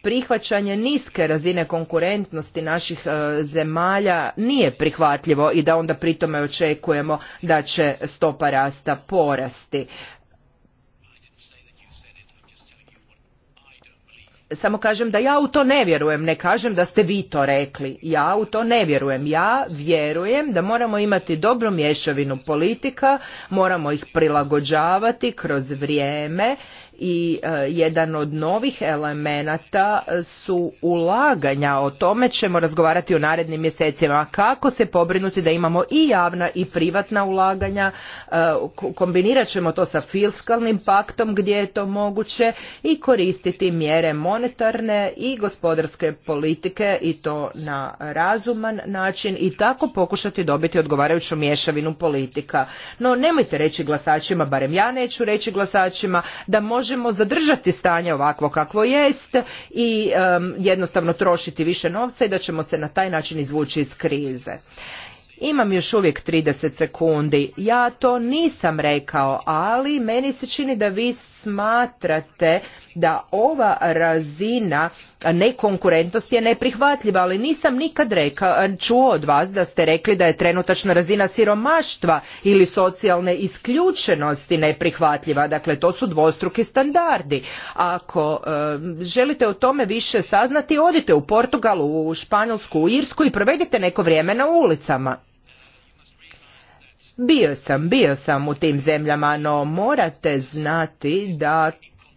prihvaćanje niske razine konkurentnosti naših e, zemalja nije prihvatljivo i da onda pritome očekujemo da će stopa rasta porasti. Samo kažem da ja u to ne vjerujem, ne kažem da ste vi to rekli. Ja u to ne vjerujem. Ja vjerujem da moramo imati dobru mješavinu politika, moramo ih prilagođavati kroz vrijeme i e, jedan od novih elemenata su ulaganja. O tome ćemo razgovarati u narednim mjesecima. Kako se pobrinuti da imamo i javna i privatna ulaganja. E, kombinirat ćemo to sa fiskalnim paktom gdje je to moguće i koristiti mjere monetarne i gospodarske politike i to na razuman način i tako pokušati dobiti odgovarajuću mješavinu politika. No nemojte reći glasačima, barem ja neću reći glasačima, da može možemo zadržati stanje ovakvo kakvo jest i jednostavno trošiti više novca i da ćemo se na taj način izvući iz krize. Imam još uvijek 30 sekundi. Ja to nisam rekao, ali meni se čini da vi smatrate da ova razina nekonkurentnosti je neprihvatljiva, ali nisam nikad reka, čuo od vas da ste rekli da je trenutačna razina siromaštva ili socijalne isključenosti neprihvatljiva. Dakle, to su dvostruki standardi. Ako želite o tome više saznati, odite u Portugalu, u Španjolsku, u Irsku i provedite neko vrijeme na ulicama. Bio sam, bio sam u tim zemljama, no morate znati da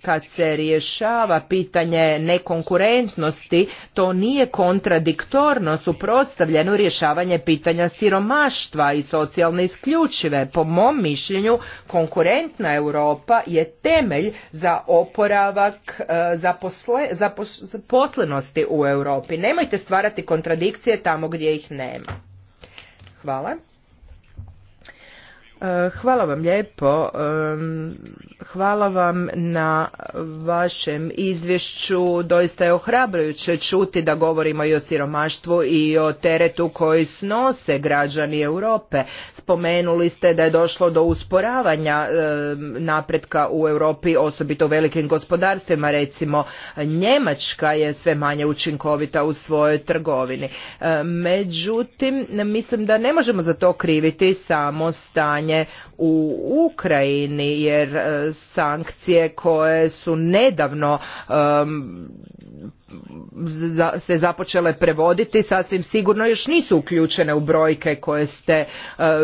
kad se rješava pitanje nekonkurentnosti, to nije kontradiktorno suprotstavljeno rješavanje pitanja siromaštva i socijalne isključive. Po mom mišljenju, konkurentna Europa je temelj za oporavak e, zaposlenosti u Europi. Nemojte stvarati kontradikcije tamo gdje ih nema. Hvala. Eh, hvala vam lijepo. Hvala vam na vašem izvješću. Doista je ohrabrujuće čuti da govorimo i o siromaštvu i o teretu koji snose građani Europe. Spomenuli ste da je došlo do usporavanja napretka u Europi, osobito u velikim gospodarstvima. Recimo, Njemačka je sve manje učinkovita u svojoj trgovini. Međutim, mislim da ne možemo za to kriviti samo stanje stanje u Ukrajini jer e, sankcije koje su nedavno um, se započele prevoditi sasvim sigurno još nisu uključene u brojke koje ste e,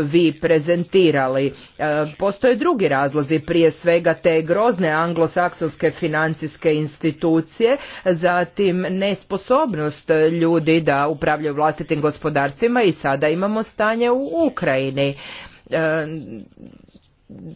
vi prezentirali. E, postoje drugi razlozi, prije svega te grozne anglosaksonske financijske institucije, zatim nesposobnost ljudi da upravljaju vlastitim gospodarstvima i sada imamo stanje u Ukrajini e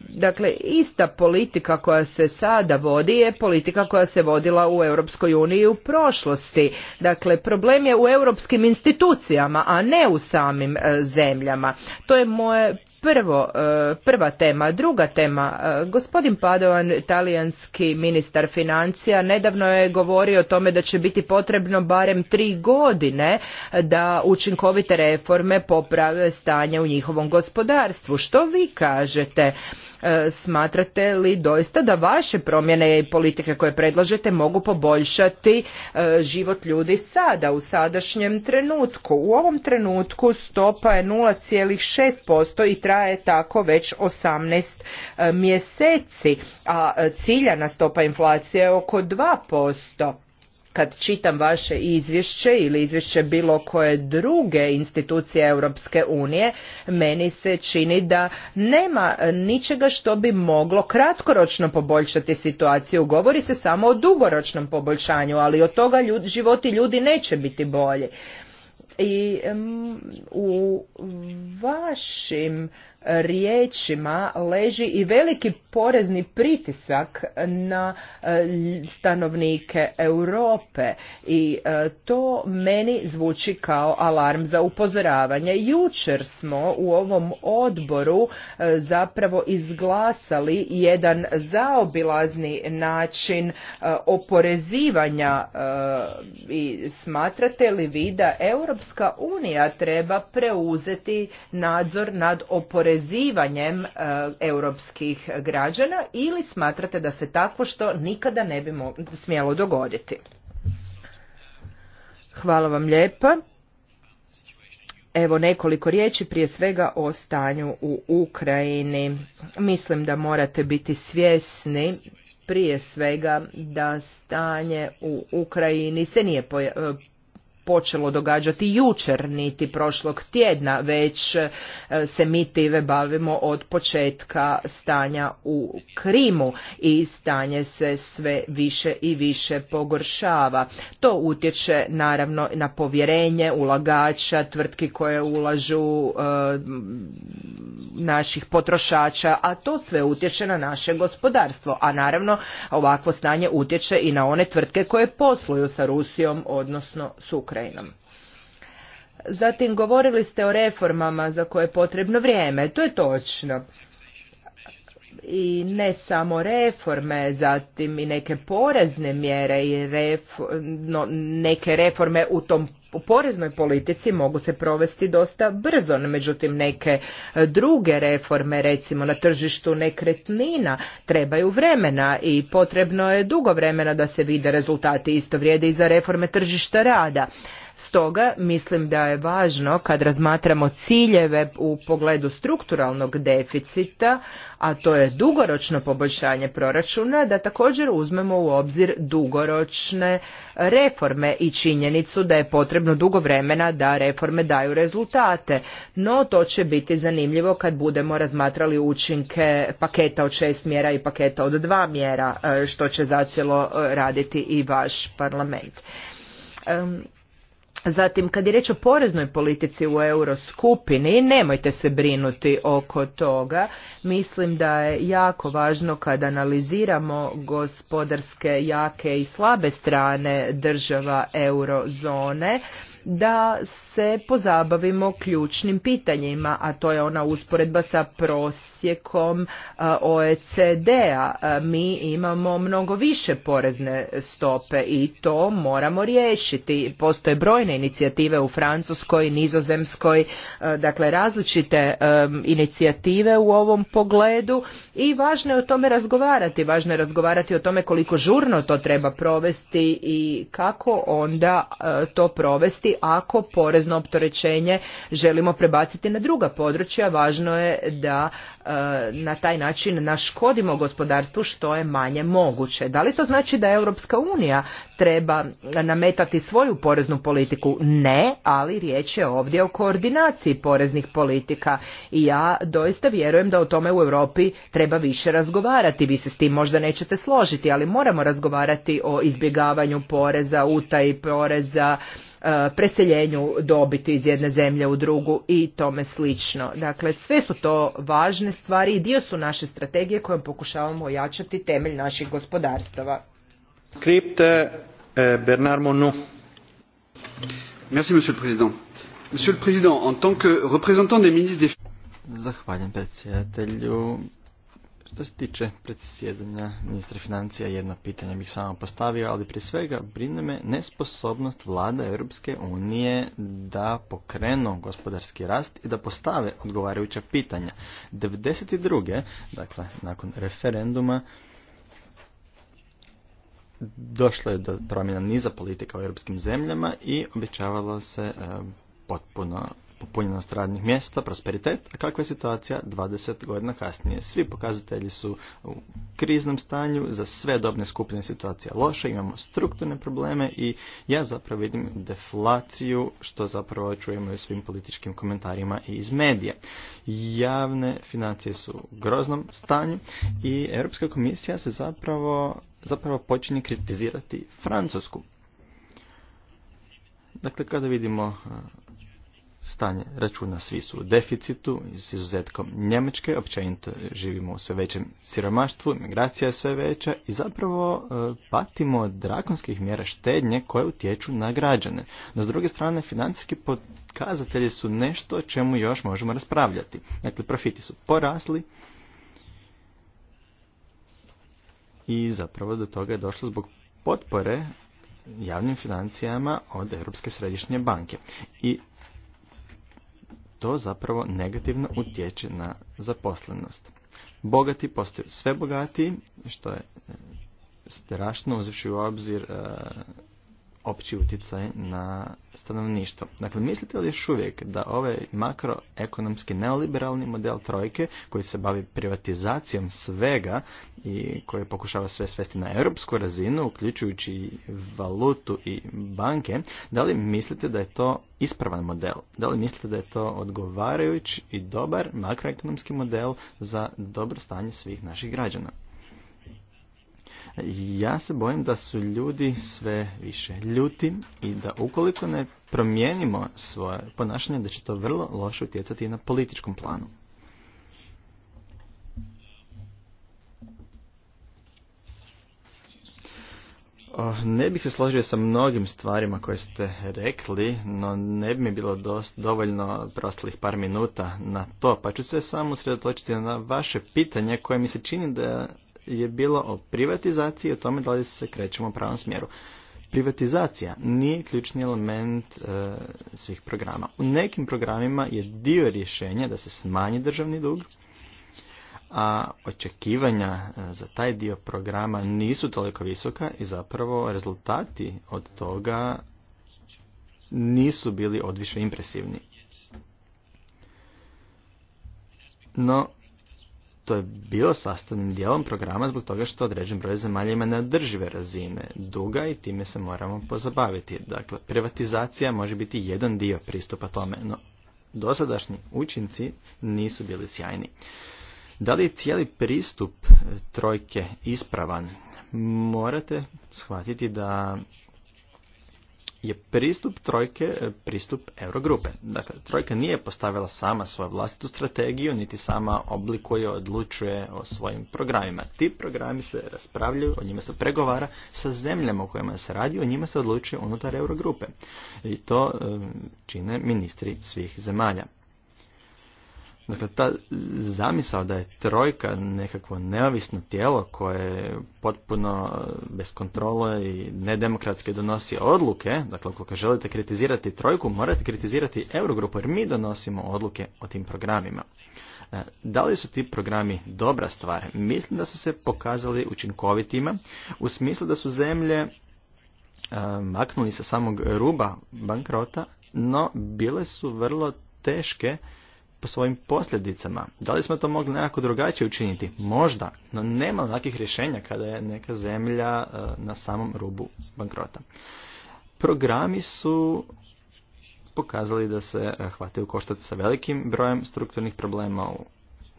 Dakle, ista politika koja se sada vodi je politika koja se vodila u Europskoj uniji u prošlosti. Dakle, problem je u europskim institucijama, a ne u samim e, zemljama. To je moje prvo, e, prva tema. Druga tema, e, gospodin Padovan, talijanski ministar financija, nedavno je govorio o tome da će biti potrebno barem tri godine da učinkovite reforme poprave stanje u njihovom gospodarstvu. Što vi kažete? E, smatrate li doista da vaše promjene i politike koje predlažete mogu poboljšati e, život ljudi sada u sadašnjem trenutku u ovom trenutku stopa je 0,6% i traje tako već 18 e, mjeseci a ciljana stopa inflacije je oko 2% kad čitam vaše izvješće ili izvješće bilo koje druge institucije Europske unije, meni se čini da nema ničega što bi moglo kratkoročno poboljšati situaciju. Govori se samo o dugoročnom poboljšanju, ali od toga ljud, životi ljudi neće biti bolji. I u vašim riječima leži i veliki porezni pritisak na e, stanovnike Europe i e, to meni zvuči kao alarm za upozoravanje. Jučer smo u ovom odboru e, zapravo izglasali jedan zaobilazni način oporezivanja i smatrate li vi da Europska unija treba preuzeti nadzor nad oporezivanjem zivanjem e, europskih građana ili smatrate da se takvo što nikada ne bi smjelo dogoditi? Hvala vam lijepa. Evo nekoliko riječi prije svega o stanju u Ukrajini. Mislim da morate biti svjesni prije svega da stanje u Ukrajini se nije počelo događati jučer niti prošlog tjedna, već e, se mi tive bavimo od početka stanja u Krimu i stanje se sve više i više pogoršava. To utječe naravno na povjerenje ulagača, tvrtki koje ulažu e, naših potrošača, a to sve utječe na naše gospodarstvo, a naravno ovakvo stanje utječe i na one tvrtke koje posluju sa Rusijom, odnosno s Zatim govorili ste o reformama za koje je potrebno vrijeme, to je točno i ne samo reforme, zatim i neke porezne mjere i neke reforme u tom u poreznoj politici mogu se provesti dosta brzo, međutim neke e, druge reforme, recimo na tržištu nekretnina, trebaju vremena i potrebno je dugo vremena da se vide rezultati, isto vrijede i za reforme tržišta rada. Stoga mislim da je važno kad razmatramo ciljeve u pogledu strukturalnog deficita, a to je dugoročno poboljšanje proračuna, da također uzmemo u obzir dugoročne reforme i činjenicu da je potrebno dugo vremena da reforme daju rezultate. No to će biti zanimljivo kad budemo razmatrali učinke paketa od šest mjera i paketa od dva mjera, e, što će zacijelo e, raditi i vaš parlament. Zatim, kad je reč o poreznoj politici u euroskupini, nemojte se brinuti oko toga. Mislim da je jako važno kad analiziramo gospodarske jake i slabe strane država eurozone, da se pozabavimo ključnim pitanjima, a to je ona usporedba sa pros prosjekom e, OECD-a. E, mi imamo mnogo više porezne stope i to moramo riješiti. Postoje brojne inicijative u Francuskoj, Nizozemskoj, e, dakle različite inicijative u ovom pogledu i važno je o tome razgovarati. Važno je razgovarati o tome koliko žurno to treba provesti i kako onda to provesti ako porezno opterećenje želimo prebaciti na druga područja. Važno je da E, na taj način naškodimo gospodarstvu što je manje moguće. Da li to znači da Europska unija treba nametati svoju poreznu politiku? Ne, ali riječ je ovdje o koordinaciji poreznih politika i ja doista vjerujem da o tome u Europi treba više razgovarati. Vi se s tim možda nećete složiti, ali moramo razgovarati o izbjegavanju poreza, utaji poreza, E, preseljenju dobiti iz jedne zemlje u drugu i tome slično. Dakle, sve su to važne stvari i dio su naše strategije kojom pokušavamo ojačati temelj naših gospodarstava. Skript e, Bernard Monod. Merci, monsieur le président. Monsieur le président, en tant que représentant des ministres des... Zahvaljujem predsjedatelju. Što se tiče predsjedanja ministra financija, jedno pitanje bih samo postavio, ali prije svega brine me nesposobnost vlada Europske unije da pokrenu gospodarski rast i da postave odgovarajuća pitanja. 92. dakle, nakon referenduma, došlo je do promjena niza politika u europskim zemljama i obećavalo se e, potpuno popunjenost radnih mjesta, prosperitet, a kakva je situacija 20 godina kasnije. Svi pokazatelji su u kriznom stanju, za sve dobne skupine situacija loša, imamo strukturne probleme i ja zapravo vidim deflaciju što zapravo čujemo i svim političkim komentarima i iz medija. Javne financije su u groznom stanju i Europska komisija se zapravo, zapravo počinje kritizirati Francusku. Dakle, kada vidimo stanje računa svi su u deficitu, s izuzetkom Njemačke, općenito živimo u sve većem siromaštvu, migracija je sve veća i zapravo e, patimo od drakonskih mjera štednje koje utječu na građane. No s druge strane, financijski pokazatelji su nešto o čemu još možemo raspravljati. Dakle, profiti su porasli i zapravo do toga je došlo zbog potpore javnim financijama od Europske središnje banke. I to zapravo negativno utječe na zaposlenost. Bogati postaju sve bogatiji, što je e, strašno uzevši u obzir e, opći utjecaj na stanovništvo. Dakle, mislite li još uvijek da ovaj makroekonomski neoliberalni model trojke koji se bavi privatizacijom svega i koji pokušava sve svesti na europsku razinu, uključujući valutu i banke, da li mislite da je to ispravan model? Da li mislite da je to odgovarajući i dobar makroekonomski model za dobro stanje svih naših građana? Ja se bojim da su ljudi sve više ljuti i da ukoliko ne promijenimo svoje ponašanje, da će to vrlo loše utjecati i na političkom planu. Ne bih se složio sa mnogim stvarima koje ste rekli, no ne bi mi bilo dovoljno prostalih par minuta na to, pa ću se samo sredotočiti na vaše pitanje koje mi se čini da je bilo o privatizaciji i o tome da li se krećemo u pravom smjeru. Privatizacija nije ključni element e, svih programa. U nekim programima je dio rješenja da se smanji državni dug, a očekivanja e, za taj dio programa nisu toliko visoka i zapravo rezultati od toga nisu bili odviše impresivni. No, to je bilo sastavnim dijelom programa zbog toga što određen broj zemalja ima neodržive razine duga i time se moramo pozabaviti. Dakle, privatizacija može biti jedan dio pristupa tome, no dosadašnji učinci nisu bili sjajni. Da li je cijeli pristup trojke ispravan? Morate shvatiti da je pristup trojke e, pristup Eurogrupe. Dakle, trojka nije postavila sama svoju vlastitu strategiju, niti sama oblikuje, odlučuje o svojim programima. Ti programi se raspravljaju, o njima se pregovara sa zemljama u kojima se radi, o njima se odlučuje unutar Eurogrupe. I to e, čine ministri svih zemalja. Dakle, ta zamisao da je trojka nekakvo neovisno tijelo koje potpuno bez kontrole i nedemokratske donosi odluke, dakle, ako želite kritizirati trojku, morate kritizirati Eurogrupu jer mi donosimo odluke o tim programima. E, da li su ti programi dobra stvar? Mislim da su se pokazali učinkovitima u smislu da su zemlje e, maknuli sa samog ruba bankrota, no bile su vrlo teške svojim posljedicama. Da li smo to mogli nekako drugačije učiniti? Možda, no nema takvih rješenja kada je neka zemlja e, na samom rubu bankrota. Programi su pokazali da se e, hvate u koštac sa velikim brojem strukturnih problema u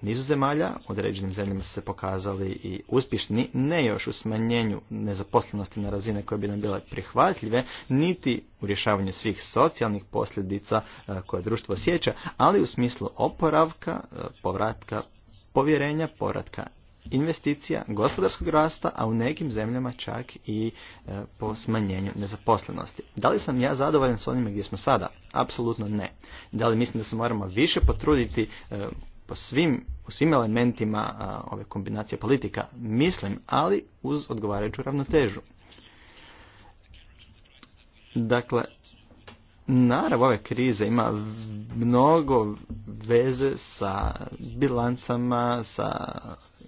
nizu zemalja, u određenim zemljama su se pokazali i uspješni, ne još u smanjenju nezaposlenosti na razine koje bi nam bile prihvatljive, niti u rješavanju svih socijalnih posljedica e, koje društvo osjeća, ali u smislu oporavka, e, povratka povjerenja, povratka investicija, gospodarskog rasta, a u nekim zemljama čak i e, po smanjenju nezaposlenosti. Da li sam ja zadovoljan s onime gdje smo sada? Apsolutno ne. Da li mislim da se moramo više potruditi e, po svim, u svim elementima ove kombinacije politika, mislim, ali uz odgovarajuću ravnotežu. Dakle, narav ove krize ima mnogo veze sa bilancama, sa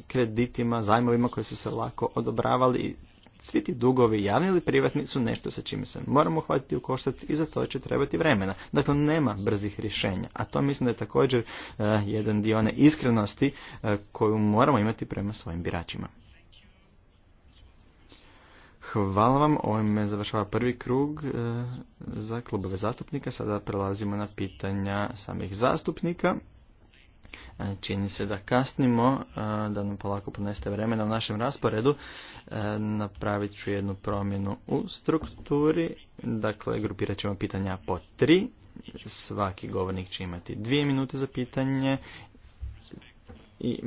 kreditima, zajmovima koji su se lako odobravali svi ti dugovi, javni ili privatni, su nešto sa čime se moramo hvatiti u koštac i za to će trebati vremena. Dakle, nema brzih rješenja, a to mislim da je također e, jedan dio one iskrenosti e, koju moramo imati prema svojim biračima. Hvala vam, ovime završava prvi krug e, za klubove zastupnika, sada prelazimo na pitanja samih zastupnika. E, čini se da kasnimo, e, da nam polako poneste vremena u našem rasporedu. E, napravit ću jednu promjenu u strukturi. Dakle, grupirat ćemo pitanja po tri. Svaki govornik će imati dvije minute za pitanje i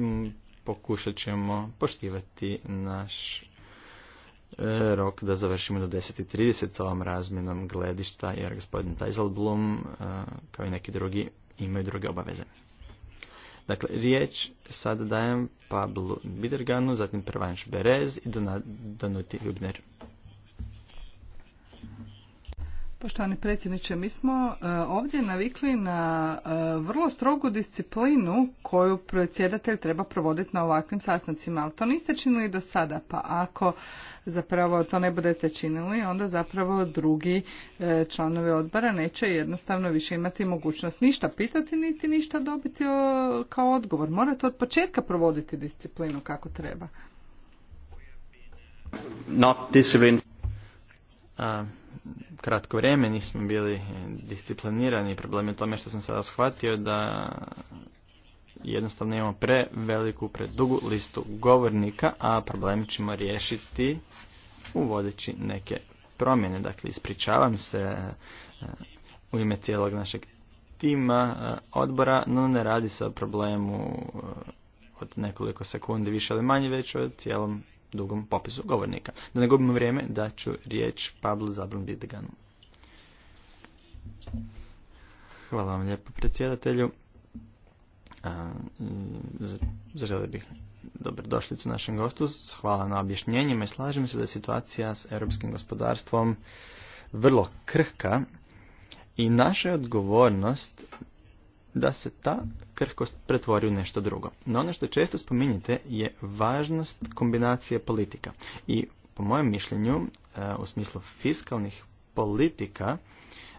pokušat ćemo poštivati naš rok da završimo do 10.30 s ovom razmjenom gledišta jer gospodin Tajzelblum kao i neki drugi imaju druge obaveze. Dakle, riječ sada dajem pablo Biderganu, zatim Prvanš Berez i Donuti Ljubner. Poštovani predsjedniče, mi smo e, ovdje navikli na e, vrlo strogu disciplinu koju predsjedatelj treba provoditi na ovakvim sastancima, ali to niste činili do sada, pa ako zapravo to ne budete činili, onda zapravo drugi e, članovi odbora neće jednostavno više imati mogućnost ništa pitati, niti ništa dobiti kao odgovor. Morate od početka provoditi disciplinu kako treba. Not kratko vrijeme, nismo bili disciplinirani. Problem je tome što sam sada shvatio da jednostavno imamo preveliku, predugu listu govornika, a problem ćemo riješiti uvodeći neke promjene. Dakle, ispričavam se e, u ime cijelog našeg tima e, odbora, no ne radi se o problemu e, od nekoliko sekundi više ili manje, već o cijelom dugom popisu govornika. Da ne gubimo vrijeme, da ću riječ Pablo Zabron Bideganu. Hvala vam lijepo predsjedatelju. Mm, zaželio bih dobrodošlicu našem gostu. Hvala na objašnjenjima i slažem se da je situacija s europskim gospodarstvom vrlo krhka i naša je odgovornost da se ta krhkost pretvori u nešto drugo. No ono što često spominjete je važnost kombinacije politika. I po mojem mišljenju, e, u smislu fiskalnih politika,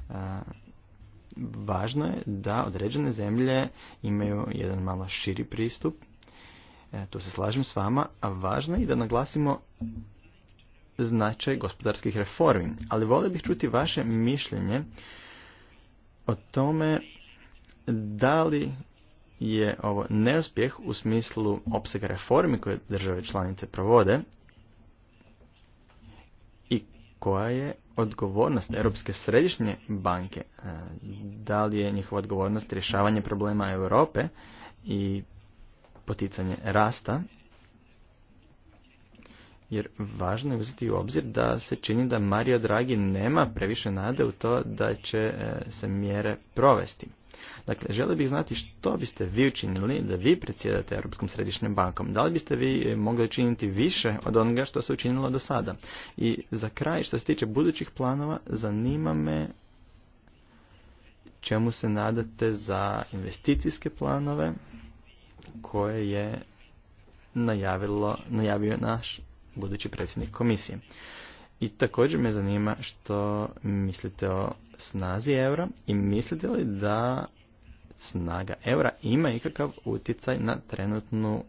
e, važno je da određene zemlje imaju jedan malo širi pristup. E, tu se slažem s vama, a važno je da naglasimo značaj gospodarskih reformi. Ali volio bih čuti vaše mišljenje o tome da li je ovo neuspjeh u smislu opsega reformi koje države članice provode i koja je odgovornost Europske središnje banke, e, da li je njihova odgovornost rješavanje problema Europe i poticanje rasta, jer važno je uzeti u obzir da se čini da Mario Draghi nema previše nade u to da će e, se mjere provesti. Dakle, želio bih znati što biste vi učinili da vi predsjedate Europskom središnjom bankom. Da li biste vi eh, mogli učiniti više od onoga što se učinilo do sada? I za kraj, što se tiče budućih planova, zanima me čemu se nadate za investicijske planove koje je najavilo, najavio naš budući predsjednik komisije. I također me zanima što mislite o snazi eura i mislite li da snaga eura ima ikakav utjecaj na trenutnu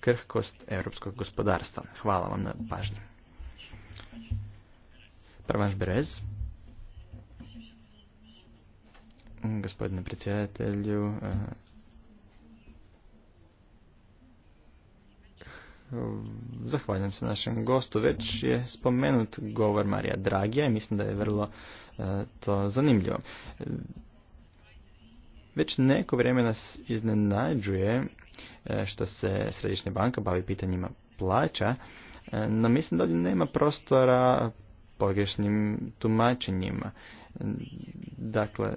krhkost europskog gospodarstva. Hvala vam na pažnji. prvaš brez Gospodine predsjedatelju, eh, zahvaljujem se našem gostu. Već je spomenut govor Marija Dragija i mislim da je vrlo eh, to zanimljivo. Već neko vrijeme nas iznenađuje e, što se Središnja banka bavi pitanjima plaća, e, no mislim da ovdje nema prostora pogrešnim tumačenjima. Dakle,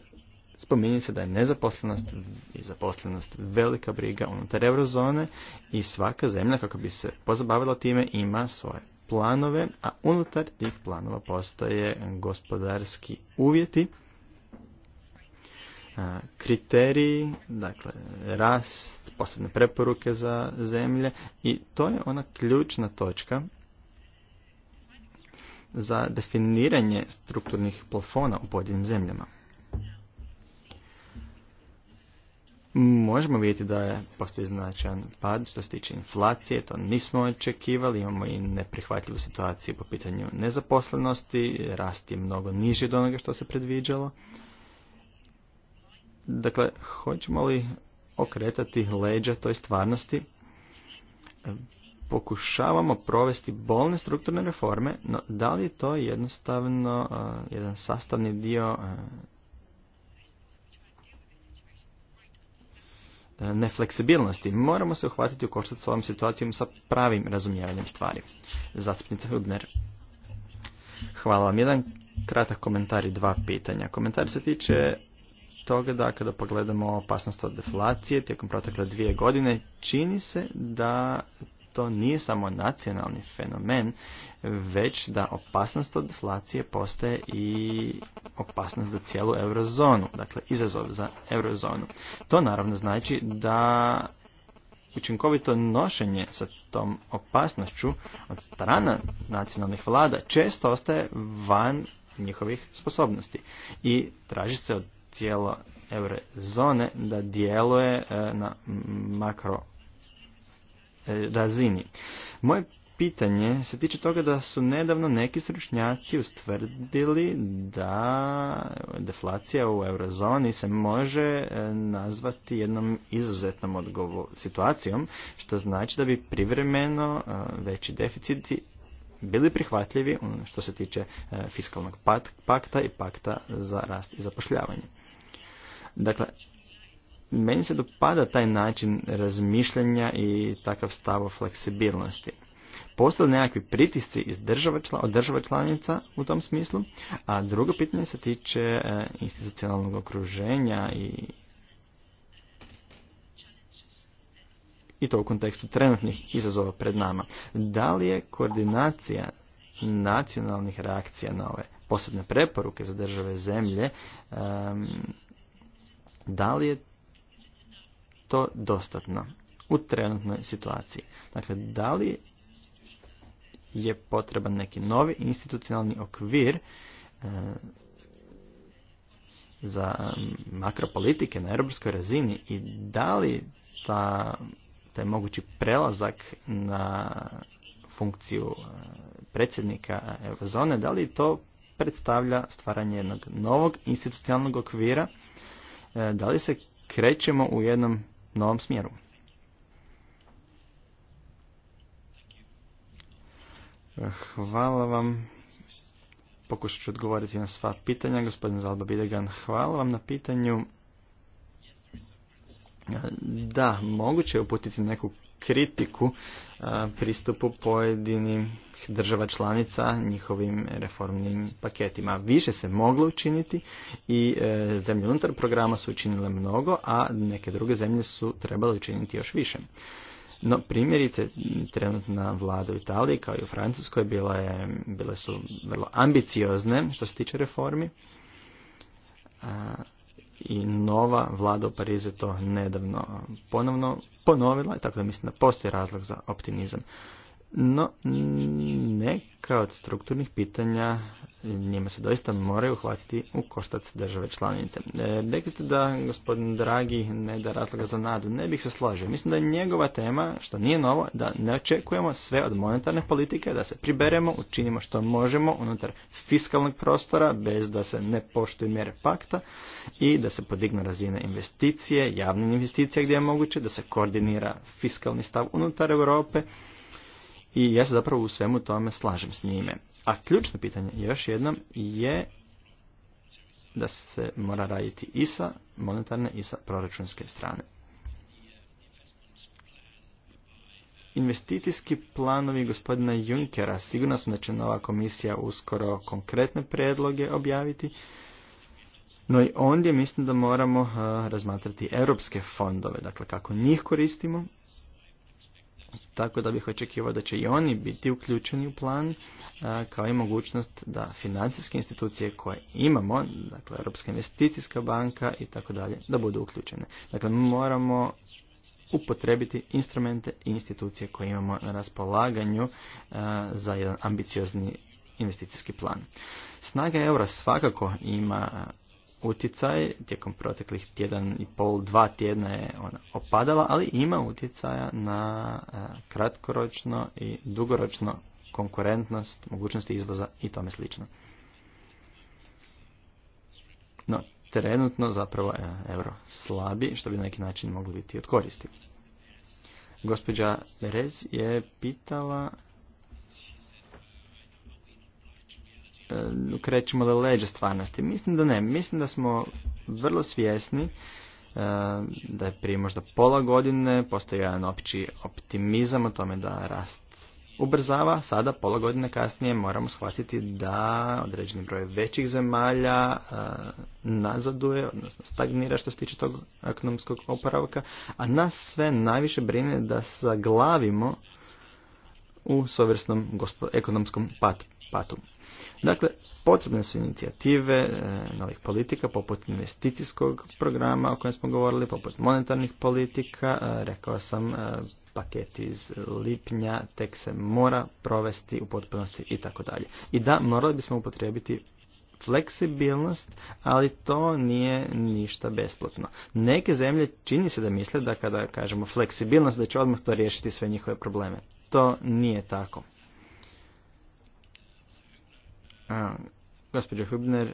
spominje se da je nezaposlenost i zaposlenost velika briga unutar eurozone i svaka zemlja kako bi se pozabavila time ima svoje planove, a unutar tih planova postoje gospodarski uvjeti kriteriji, dakle rast, posebne preporuke za zemlje i to je ona ključna točka za definiranje strukturnih plafona u pojedinim zemljama. Možemo vidjeti da je postoji značajan pad što se tiče inflacije, to nismo očekivali, imamo i neprihvatljivu situaciju po pitanju nezaposlenosti, rast je mnogo niži od onoga što se predviđalo. Dakle, hoćemo li okretati leđa toj stvarnosti? Pokušavamo provesti bolne strukturne reforme, no da li je to jednostavno jedan sastavni dio nefleksibilnosti? Moramo se uhvatiti u koštac s ovom situacijom sa pravim razumijevanjem stvari. Zastupnica Hudner. Hvala vam. Jedan kratak komentar i dva pitanja. Komentar se tiče toga da kada pogledamo opasnost od deflacije tijekom protekle dvije godine, čini se da to nije samo nacionalni fenomen, već da opasnost od deflacije postaje i opasnost za cijelu eurozonu, dakle izazov za eurozonu. To naravno znači da učinkovito nošenje sa tom opasnošću od strana nacionalnih vlada često ostaje van njihovih sposobnosti i traži se od cijelo eurozone da djeluje e, na makro e, razini. Moje pitanje se tiče toga da su nedavno neki stručnjaci ustvrdili da deflacija u eurozoni se može e, nazvati jednom izuzetnom situacijom, što znači da bi privremeno veći deficiti bili prihvatljivi mm, što se tiče e, fiskalnog pakta i pakta za rast i zapošljavanje. Dakle, meni se dopada taj način razmišljanja i takav stav o fleksibilnosti. Postoje nekakvi pritisci iz država, od država članica u tom smislu, a drugo pitanje se tiče e, institucionalnog okruženja i i to u kontekstu trenutnih izazova pred nama. Da li je koordinacija nacionalnih reakcija na ove posebne preporuke za države zemlje, da li je to dostatno u trenutnoj situaciji? Dakle, da li je potreban neki novi institucionalni okvir za makropolitike na europskoj razini i da li ta taj mogući prelazak na funkciju e, predsjednika Eurozone, da li to predstavlja stvaranje jednog novog institucionalnog okvira, e, da li se krećemo u jednom novom smjeru. E, hvala vam. Pokušat ću odgovoriti na sva pitanja. Gospodin Zalba Bidegan, hvala vam na pitanju. Da, moguće je uputiti neku kritiku pristupu pojedinih država članica njihovim reformnim paketima. Više se moglo učiniti i e, zemlje unutar programa su učinile mnogo, a neke druge zemlje su trebale učiniti još više. No primjerice trenutna vlada u Italiji kao i u Francuskoj bila je, bile su vrlo ambiciozne što se tiče reformi. A, i nova vlada u Parizu to nedavno ponovno ponovila, tako da mislim da postoji razlog za optimizam. No, neka od strukturnih pitanja njima se doista moraju uhvatiti u koštac države članice. E, rekli ste da gospodin Dragi ne da razloga za nadu. Ne bih se složio. Mislim da je njegova tema, što nije novo, da ne očekujemo sve od monetarne politike, da se priberemo, učinimo što možemo unutar fiskalnog prostora, bez da se ne poštuju mjere pakta i da se podignu razine investicije, javne investicije gdje je moguće, da se koordinira fiskalni stav unutar Europe i ja se zapravo u svemu tome slažem s njime. A ključno pitanje, još jednom, je da se mora raditi i sa monetarne i sa proračunske strane. Investicijski planovi gospodina Junkera, sigurno sam da će nova komisija uskoro konkretne predloge objaviti, no i ondje mislim da moramo razmatrati europske fondove, dakle kako njih koristimo tako da bih očekivao da će i oni biti uključeni u plan, kao i mogućnost da financijske institucije koje imamo, dakle Europska investicijska banka i tako dalje, da budu uključene. Dakle, moramo upotrebiti instrumente i institucije koje imamo na raspolaganju za jedan ambiciozni investicijski plan. Snaga eura svakako ima utjecaj tijekom proteklih tjedan i pol, dva tjedna je ona opadala, ali ima utjecaja na e, kratkoročno i dugoročno konkurentnost, mogućnosti izvoza i tome slično. No, trenutno zapravo je euro slabi, što bi na neki način moglo biti od koristi. Gospođa Rez je pitala E, krećemo da leđa stvarnosti. Mislim da ne. Mislim da smo vrlo svjesni e, da je prije možda pola godine postoji jedan opći optimizam o tome da rast ubrzava. Sada, pola godine kasnije, moramo shvatiti da određeni broj većih zemalja e, nazaduje, odnosno stagnira što se tiče tog ekonomskog oporavka, a nas sve najviše brine da zaglavimo u sovrstnom ekonomskom patu. Dakle, potrebne su inicijative e, novih politika poput investicijskog programa o kojem smo govorili, poput monetarnih politika, e, rekao sam e, paket iz lipnja, tek se mora provesti u potpunosti i tako dalje. I da, morali bismo upotrijebiti fleksibilnost, ali to nije ništa besplatno. Neke zemlje čini se da misle da kada kažemo fleksibilnost da će odmah to riješiti sve njihove probleme. To nije tako gospođo Hübner,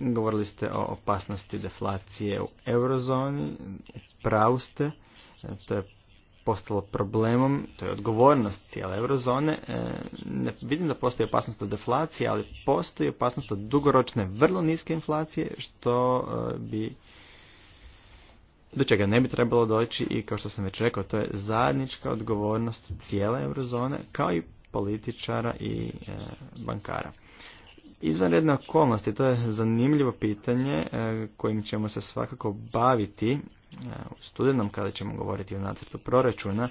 govorili ste o opasnosti deflacije u eurozoni, pravu ste, e, to je postalo problemom, to je odgovornost cijele eurozone. E, ne vidim da postoji opasnost od deflacije, ali postoji opasnost od dugoročne vrlo niske inflacije, što e, bi do čega ne bi trebalo doći i kao što sam već rekao, to je zajednička odgovornost cijele eurozone kao i političara i e, bankara. Izvanredne okolnosti, to je zanimljivo pitanje e, kojim ćemo se svakako baviti e, u studenom kada ćemo govoriti o nacrtu proračuna,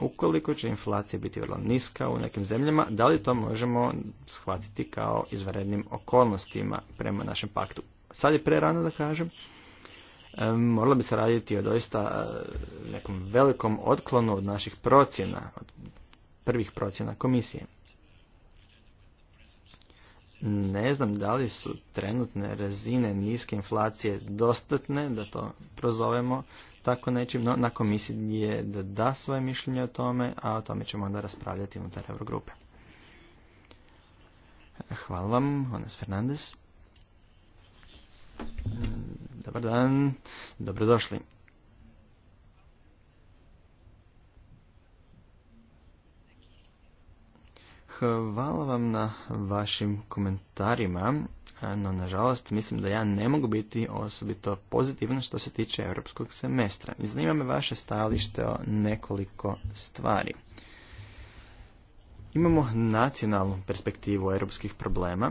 ukoliko će inflacija biti vrlo niska u nekim zemljama, da li to možemo shvatiti kao izvanrednim okolnostima prema našem paktu. Sad je pre rano da kažem, moralo bi se raditi o doista nekom velikom otklonu od naših procjena, od prvih procjena komisije. Ne znam da li su trenutne razine niske inflacije dostatne, da to prozovemo tako nečim, no na komisiji je da da svoje mišljenje o tome, a o tome ćemo onda raspravljati unutar Eurogrupe. Hvala vam, Ones Fernandez. Dobar dan, dobrodošli. Hvala vam na vašim komentarima, no nažalost mislim da ja ne mogu biti osobito pozitivan što se tiče europskog semestra. I zanima me vaše stajalište o nekoliko stvari. Imamo nacionalnu perspektivu europskih problema,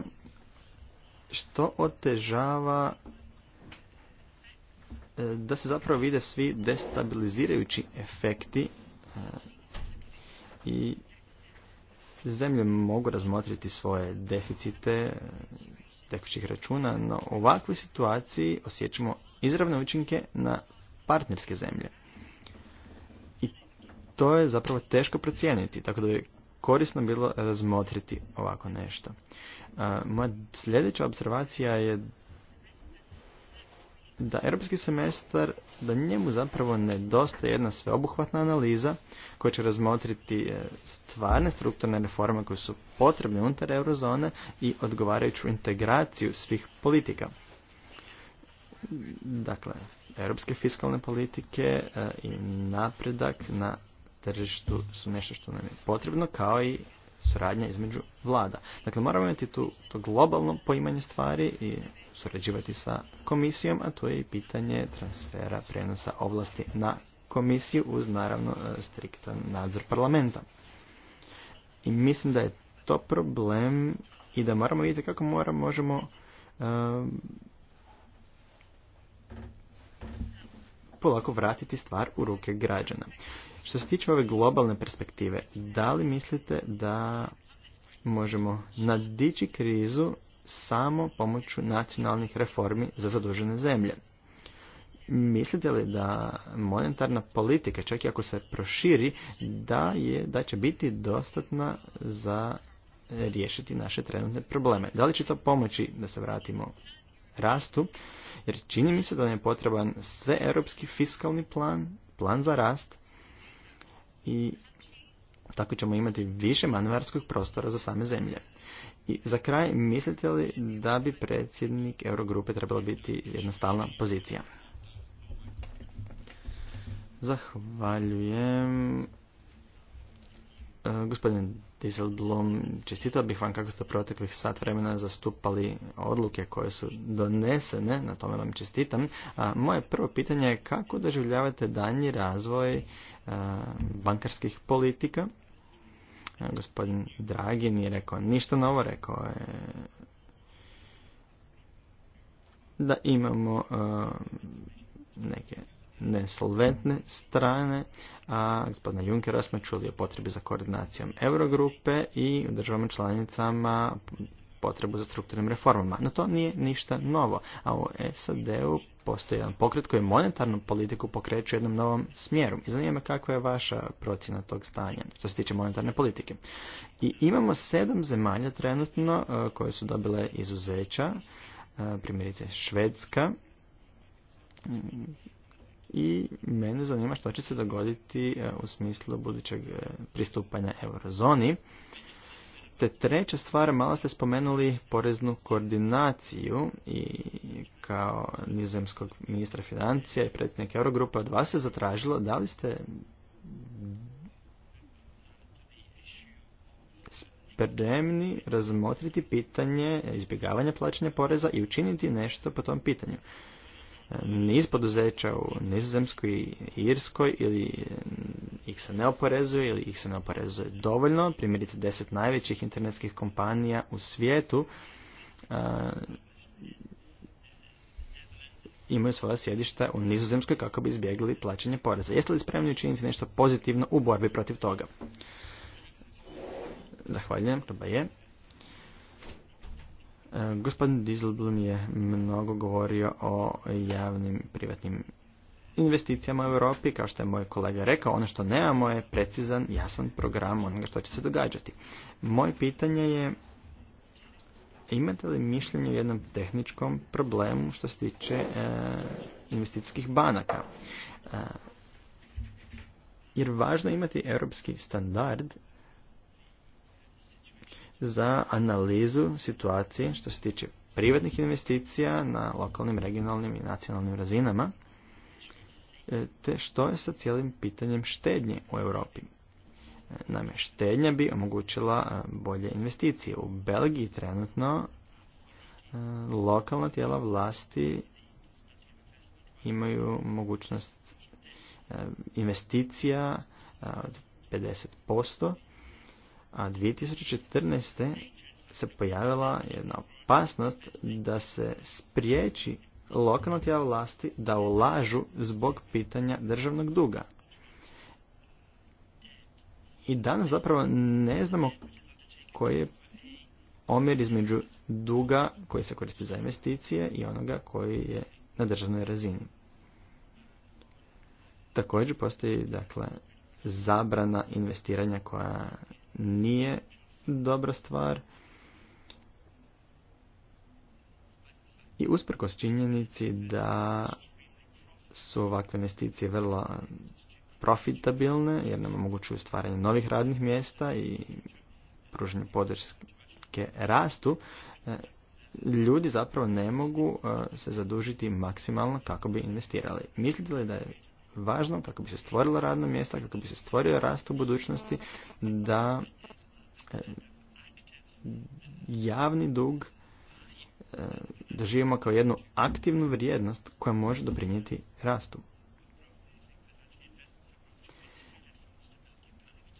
što otežava e, da se zapravo vide svi destabilizirajući efekti e, i zemlje mogu razmotriti svoje deficite e, tekućih računa, no u ovakvoj situaciji osjećamo izravne učinke na partnerske zemlje. I to je zapravo teško procijeniti, tako da bi korisno bilo razmotriti ovako nešto. E, moja sljedeća observacija je da europski semestar, da njemu zapravo nedostaje jedna sveobuhvatna analiza koja će razmotriti e, stvarne strukturne reforme koje su potrebne unutar eurozone i odgovarajuću integraciju svih politika. Dakle, europske fiskalne politike e, i napredak na tržištu su nešto što nam je potrebno, kao i suradnja između vlada. Dakle, moramo imati tu to globalno poimanje stvari i surađivati sa komisijom, a to je i pitanje transfera prenosa ovlasti na komisiju uz naravno e, striktan nadzor parlamenta. I mislim da je to problem i da moramo vidjeti kako moramo, možemo polako vratiti stvar u ruke građana. Što se tiče ove globalne perspektive, da li mislite da možemo nadići krizu samo pomoću nacionalnih reformi za zadužene zemlje? Mislite li da monetarna politika, čak i ako se proširi, da, je, da će biti dostatna za riješiti naše trenutne probleme? Da li će to pomoći da se vratimo rastu? Jer čini mi se da nam je potreban sve europski fiskalni plan, plan za rast, i tako ćemo imati više manevarskog prostora za same zemlje. I za kraj, mislite li da bi predsjednik Eurogrupe trebalo biti jedna stalna pozicija? Zahvaljujem. E, gospodin Dieselblom, čestitao bih vam kako ste proteklih sat vremena zastupali odluke koje su donesene, na tome vam čestitam. E, moje prvo pitanje je kako doživljavate danji razvoj e, bankarskih politika? Gospodin Dragi nije rekao ništa novo, rekao je da imamo neke nesolventne strane, a gospodina Junkera smo čuli o potrebi za koordinacijom Eurogrupe i u državama članicama potrebu za strukturnim reformama. No to nije ništa novo, a u SAD-u postoji jedan pokret koji monetarnu politiku pokreću u jednom novom smjeru. I zanima kakva je vaša procjena tog stanja što se tiče monetarne politike. I imamo sedam zemalja trenutno e, koje su dobile izuzeća, e, primjerice Švedska, i mene zanima što će se dogoditi e, u smislu budućeg e, pristupanja eurozoni. Te treća stvar, malo ste spomenuli poreznu koordinaciju i kao nizemskog ministra financija i predsjednika Eurogrupe od vas se zatražilo da li ste spremni razmotriti pitanje izbjegavanja plaćanja poreza i učiniti nešto po tom pitanju niz poduzeća u Nizozemskoj i Irskoj ili eh, ih se ne oporezuje ili ih se ne oporezuje dovoljno. Primjerite, deset najvećih internetskih kompanija u svijetu eh, imaju svoja sjedišta u Nizozemskoj kako bi izbjegli plaćanje poreza. Jeste li spremni učiniti nešto pozitivno u borbi protiv toga? Zahvaljujem, pa je. E, gospodin Dieselblum je mnogo govorio o javnim privatnim investicijama u Europi, kao što je moj kolega rekao, ono što nemamo je precizan, jasan program onoga što će se događati. Moje pitanje je, imate li mišljenje o jednom tehničkom problemu što se tiče e, investicijskih banaka? E, jer važno je imati europski standard za analizu situacije što se tiče privatnih investicija na lokalnim, regionalnim i nacionalnim razinama, e, te što je sa cijelim pitanjem štednje u Europi. E, naime, štednja bi omogućila e, bolje investicije. U Belgiji trenutno lokalna tijela vlasti imaju mogućnost investicija od 50%, a 2014. se pojavila jedna opasnost da se spriječi lokalna tijela vlasti da ulažu zbog pitanja državnog duga. I danas zapravo ne znamo koji je omjer između duga koji se koristi za investicije i onoga koji je na državnoj razini. Također postoji dakle zabrana investiranja koja nije dobra stvar. I usprkos činjenici da su ovakve investicije vrlo profitabilne, jer nam omogućuju stvaranje novih radnih mjesta i pružanje podrške rastu, e, ljudi zapravo ne mogu e, se zadužiti maksimalno kako bi investirali. Mislite li da je važno, kako bi se stvorila radna mjesta, kako bi se stvorio rast u budućnosti, da eh, javni dug eh, doživimo kao jednu aktivnu vrijednost koja može doprinijeti rastu.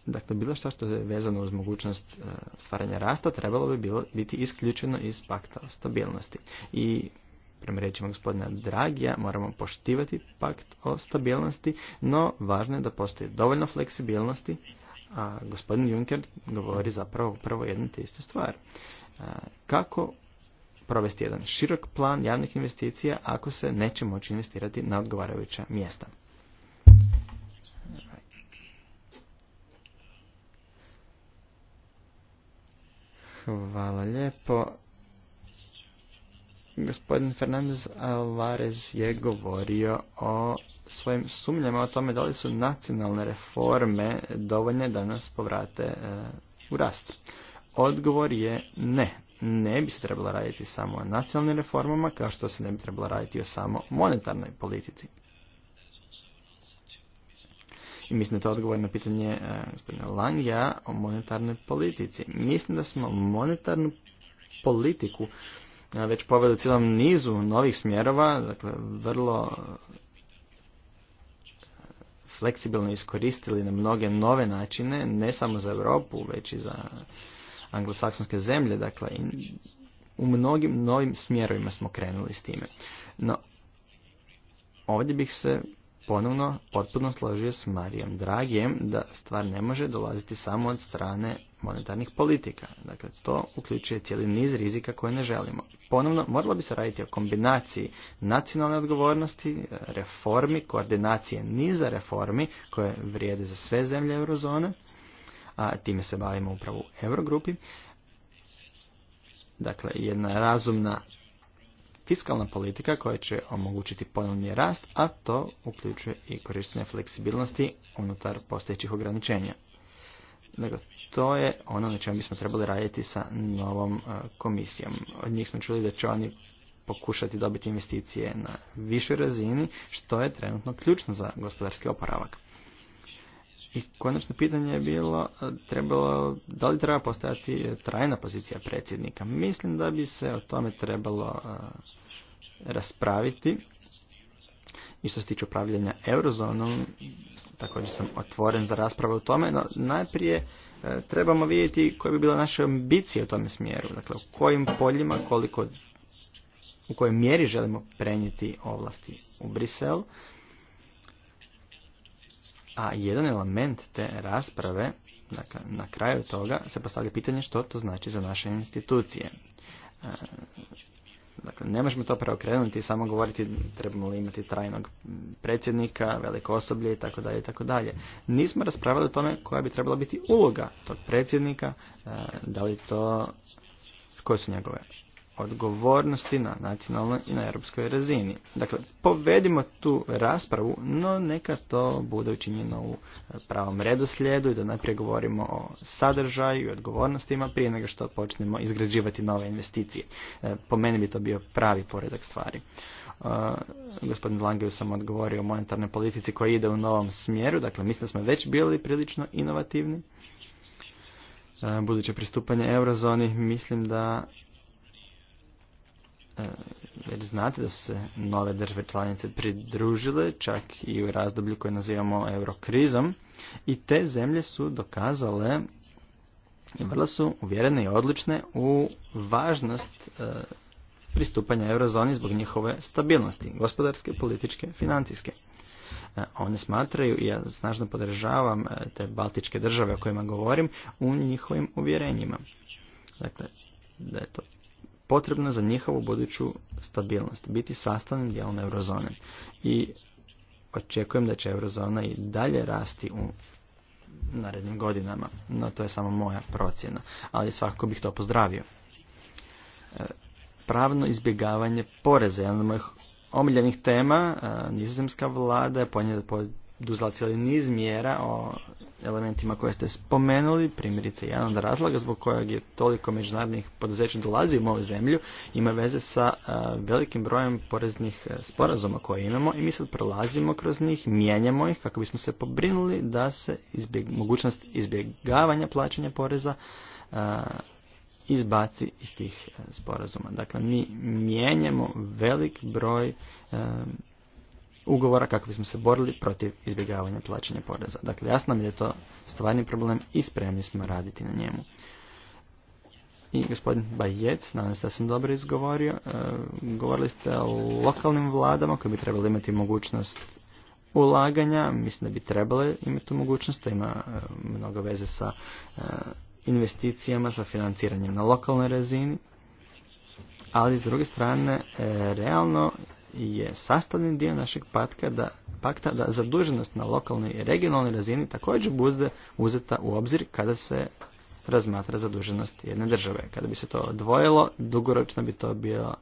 Dakle, bilo što što je vezano uz mogućnost eh, stvaranja rasta trebalo bi bilo biti isključeno iz pakta stabilnosti. I prema riječima gospodina Dragija, moramo poštivati pakt o stabilnosti, no važno je da postoji dovoljno fleksibilnosti, a gospodin Juncker govori zapravo upravo jednu te istu stvar. E, kako provesti jedan širok plan javnih investicija ako se neće moći investirati na odgovarajuća mjesta? Hvala lijepo. Gospodin Fernandez Alvarez je govorio o svojim sumnjama o tome da li su nacionalne reforme dovoljne da nas povrate e, u rast. Odgovor je ne. Ne bi se trebalo raditi samo o nacionalnim reformama kao što se ne bi trebalo raditi o samo monetarnoj politici. I mislim da to je odgovor na pitanje gospodine gospodina o monetarnoj politici. Mislim da smo monetarnu politiku već poveli cijelom nizu novih smjerova, dakle vrlo eh, fleksibilno iskoristili na mnoge nove načine, ne samo za Europu, već i za anglosaksonske zemlje, dakle u mnogim novim smjerovima smo krenuli s time. No, ovdje bih se ponovno potpuno složio s Marijom Dragijem da stvar ne može dolaziti samo od strane monetarnih politika. Dakle, to uključuje cijeli niz rizika koje ne želimo. Ponovno, moralo bi se raditi o kombinaciji nacionalne odgovornosti, reformi, koordinacije niza reformi koje vrijede za sve zemlje eurozone, a time se bavimo upravo u Eurogrupi. Dakle, jedna razumna fiskalna politika koja će omogućiti ponovni rast, a to uključuje i korištenje fleksibilnosti unutar postojećih ograničenja. Dakle, to je ono na čemu bismo trebali raditi sa novom e, komisijom. Od njih smo čuli da će oni pokušati dobiti investicije na višoj razini, što je trenutno ključno za gospodarski oporavak. I konačno pitanje je bilo e, trebalo, da li treba postojati trajna pozicija predsjednika. Mislim da bi se o tome trebalo e, raspraviti. I što se tiče upravljanja eurozonom, također sam otvoren za raspravu o tome, no najprije e, trebamo vidjeti koje bi bila naše ambicije u tome smjeru. Dakle, u kojim poljima, koliko, u kojoj mjeri želimo prenijeti ovlasti u Brisel a jedan element te rasprave, dakle, na kraju toga, se postavlja pitanje što to znači za naše institucije. E, dakle, ne možemo to preokrenuti i samo govoriti trebamo li imati trajnog predsjednika, veliko osoblje i tako dalje i tako dalje. Nismo raspravili o tome koja bi trebala biti uloga tog predsjednika, e, da li to, koje su njegove odgovornosti na nacionalnoj i na europskoj razini. Dakle, povedimo tu raspravu, no neka to bude učinjeno u pravom redoslijedu i da najprije govorimo o sadržaju i odgovornostima prije nego što počnemo izgrađivati nove investicije. E, po meni bi to bio pravi poredak stvari. E, gospodin Langeo sam odgovorio o monetarnoj politici koja ide u novom smjeru, dakle mislim da smo već bili prilično inovativni. Uh, buduće pristupanje eurozoni mislim da E, jer znate da se nove države članice pridružile, čak i u razdoblju koje nazivamo eurokrizom, i te zemlje su dokazale i vrlo su uvjerene i odlične u važnost e, pristupanja eurozoni zbog njihove stabilnosti, gospodarske, političke, financijske. E, one smatraju, i ja snažno podržavam te baltičke države o kojima govorim, u njihovim uvjerenjima. Dakle, da je to potrebno za njihovu buduću stabilnost, biti sastavnim dijelom eurozone. I očekujem da će eurozona i dalje rasti u narednim godinama. No to je samo moja procjena, ali svakako bih to pozdravio. E, pravno izbjegavanje poreza, jedan od mojih omiljenih tema, e, nizozemska vlada je poduzela cijeli niz mjera o elementima koje ste spomenuli, primjerice jedan od razloga zbog kojeg je toliko međunarodnih poduzeća dolazi u moju zemlju, ima veze sa e, velikim brojem poreznih e, sporazuma koje imamo i mi sad prolazimo kroz njih, mijenjamo ih kako bismo se pobrinuli da se izbjeg, mogućnost izbjegavanja plaćanja poreza e, izbaci iz tih sporazuma. Dakle, mi mijenjamo velik broj ugovora kako bismo se borili protiv izbjegavanja plaćanja poreza. Dakle, jasno mi je to stvarni problem i spremni smo raditi na njemu. I gospodin Bajec, nadam se da sam dobro izgovorio, e, govorili ste o lokalnim vladama koje bi trebali imati mogućnost ulaganja, mislim da bi trebale imati tu mogućnost, to ima e, mnogo veze sa e, investicijama, sa financiranjem na lokalnoj razini, ali s druge strane realno je sastavni dio našeg patka da, pakta da zaduženost na lokalnoj i regionalnoj razini također bude uzeta u obzir kada se razmatra zaduženost jedne države. Kada bi se to odvojilo, dugoročno bi to bio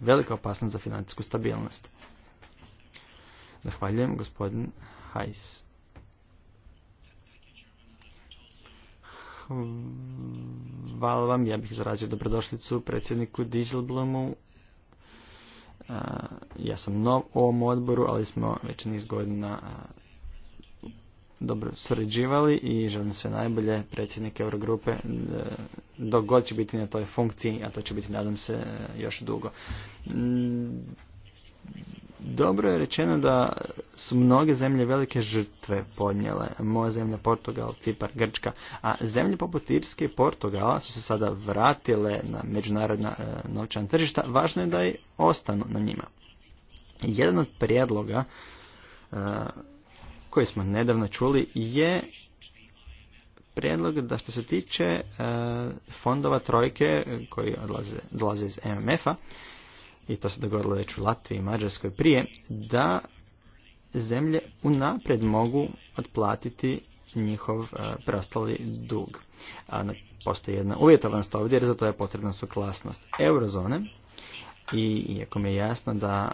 velika opasnost za financijsku stabilnost. Zahvaljujem gospodin Hajs. Hvala vam, ja bih zarazio dobrodošlicu predsjedniku Dieselblomu ja sam nov u ovom odboru, ali smo već niz godina dobro surađivali i želim sve najbolje predsjednike Eurogrupe e, dok god će biti na toj funkciji, a to će biti nadam se e, još dugo. Mm, dobro je rečeno da su mnoge zemlje velike žrtve podnijele. Moja zemlja Portugal, Cipar, Grčka. A zemlje poput Irske i Portugala su se sada vratile na međunarodna e, novčana tržišta. Važno je da i ostanu na njima. Jedan od prijedloga e, koji smo nedavno čuli je prijedlog da što se tiče e, fondova trojke koji odlaze, dolaze iz MMF-a, i to se dogodilo već u Latviji i Mađarskoj prije, da zemlje unaprijed mogu otplatiti njihov e, preostali dug. A postoji jedna uvjetovanost ovdje jer za to je potrebna suklasnost eurozone i iako mi je jasno da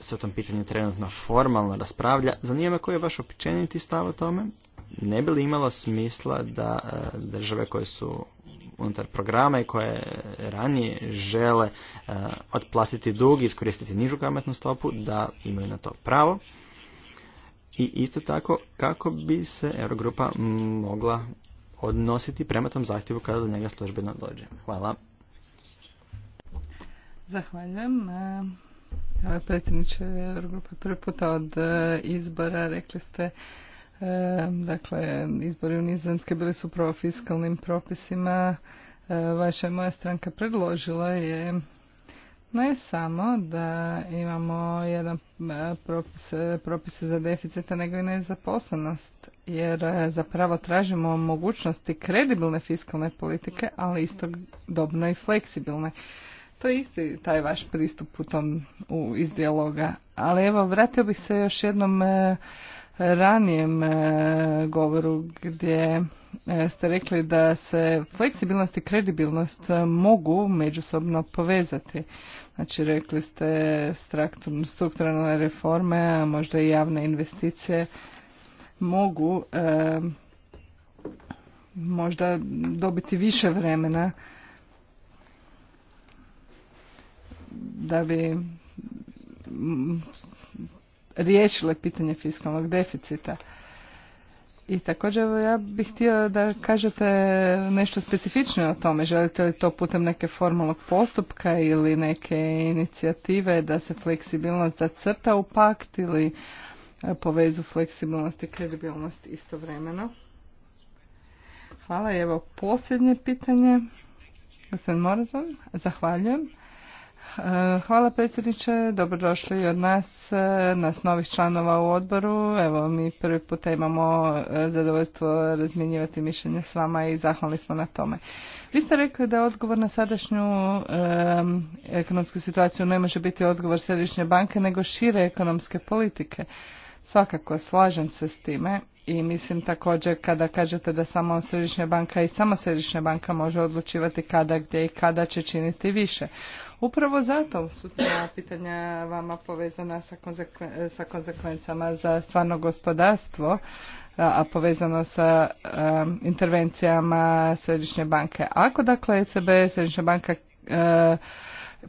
se o tom pitanju trenutno formalno raspravlja. Zanima me koji je vaš općeniti stav o tome? Ne bi li imalo smisla da e, države koje su unutar programa i koje ranije žele e, otplatiti dug i iskoristiti nižu kamatnu stopu, da imaju na to pravo? I isto tako, kako bi se Eurogrupa mogla odnositi prema tom zahtjevu kada do njega službeno dođe? Hvala. Zahvaljujem. E, predsjedniče Eurogrupe prvi puta od e, izbora rekli ste e, dakle izbori u Nizozemskoj bili su upravo fiskalnim propisima e, vaša i moja stranka predložila je ne samo da imamo jedan propis, propise za deficita, nego i nezaposlenost jer zapravo tražimo mogućnosti kredibilne fiskalne politike ali dobno i fleksibilne to je isti taj vaš pristup u tom u, iz dijaloga. Ali evo, vratio bih se još jednom e, ranijem e, govoru gdje e, ste rekli da se fleksibilnost i kredibilnost mogu međusobno povezati. Znači rekli ste strukturalne reforme, a možda i javne investicije mogu možda dobiti više vremena da bi mm, riješile pitanje fiskalnog deficita. I također ja bih htio da kažete nešto specifičnije o tome. Želite li to putem neke formalnog postupka ili neke inicijative da se fleksibilnost zacrta u pakt ili e, povezu fleksibilnost i kredibilnost istovremeno? Hvala. evo posljednje pitanje. Gospodin Morazan, zahvaljujem. E, hvala predsjedniče, dobrodošli od nas, e, nas novih članova u odboru. Evo, mi prvi puta imamo e, zadovoljstvo razmjenjivati mišljenje s vama i zahvalni smo na tome. Vi ste rekli da odgovor na sadašnju ekonomsku situaciju ne može biti odgovor Središnje banke, nego šire ekonomske politike. Svakako, slažem se s time i mislim također kada kažete da samo središnja banka i samo središnja banka može odlučivati kada, gdje i kada će činiti više. Upravo zato su ta pitanja vama povezana sa, sa konsekvencama za stvarno gospodarstvo, a povezano sa intervencijama Središnje banke. Ako dakle ECB, Središnja banka e,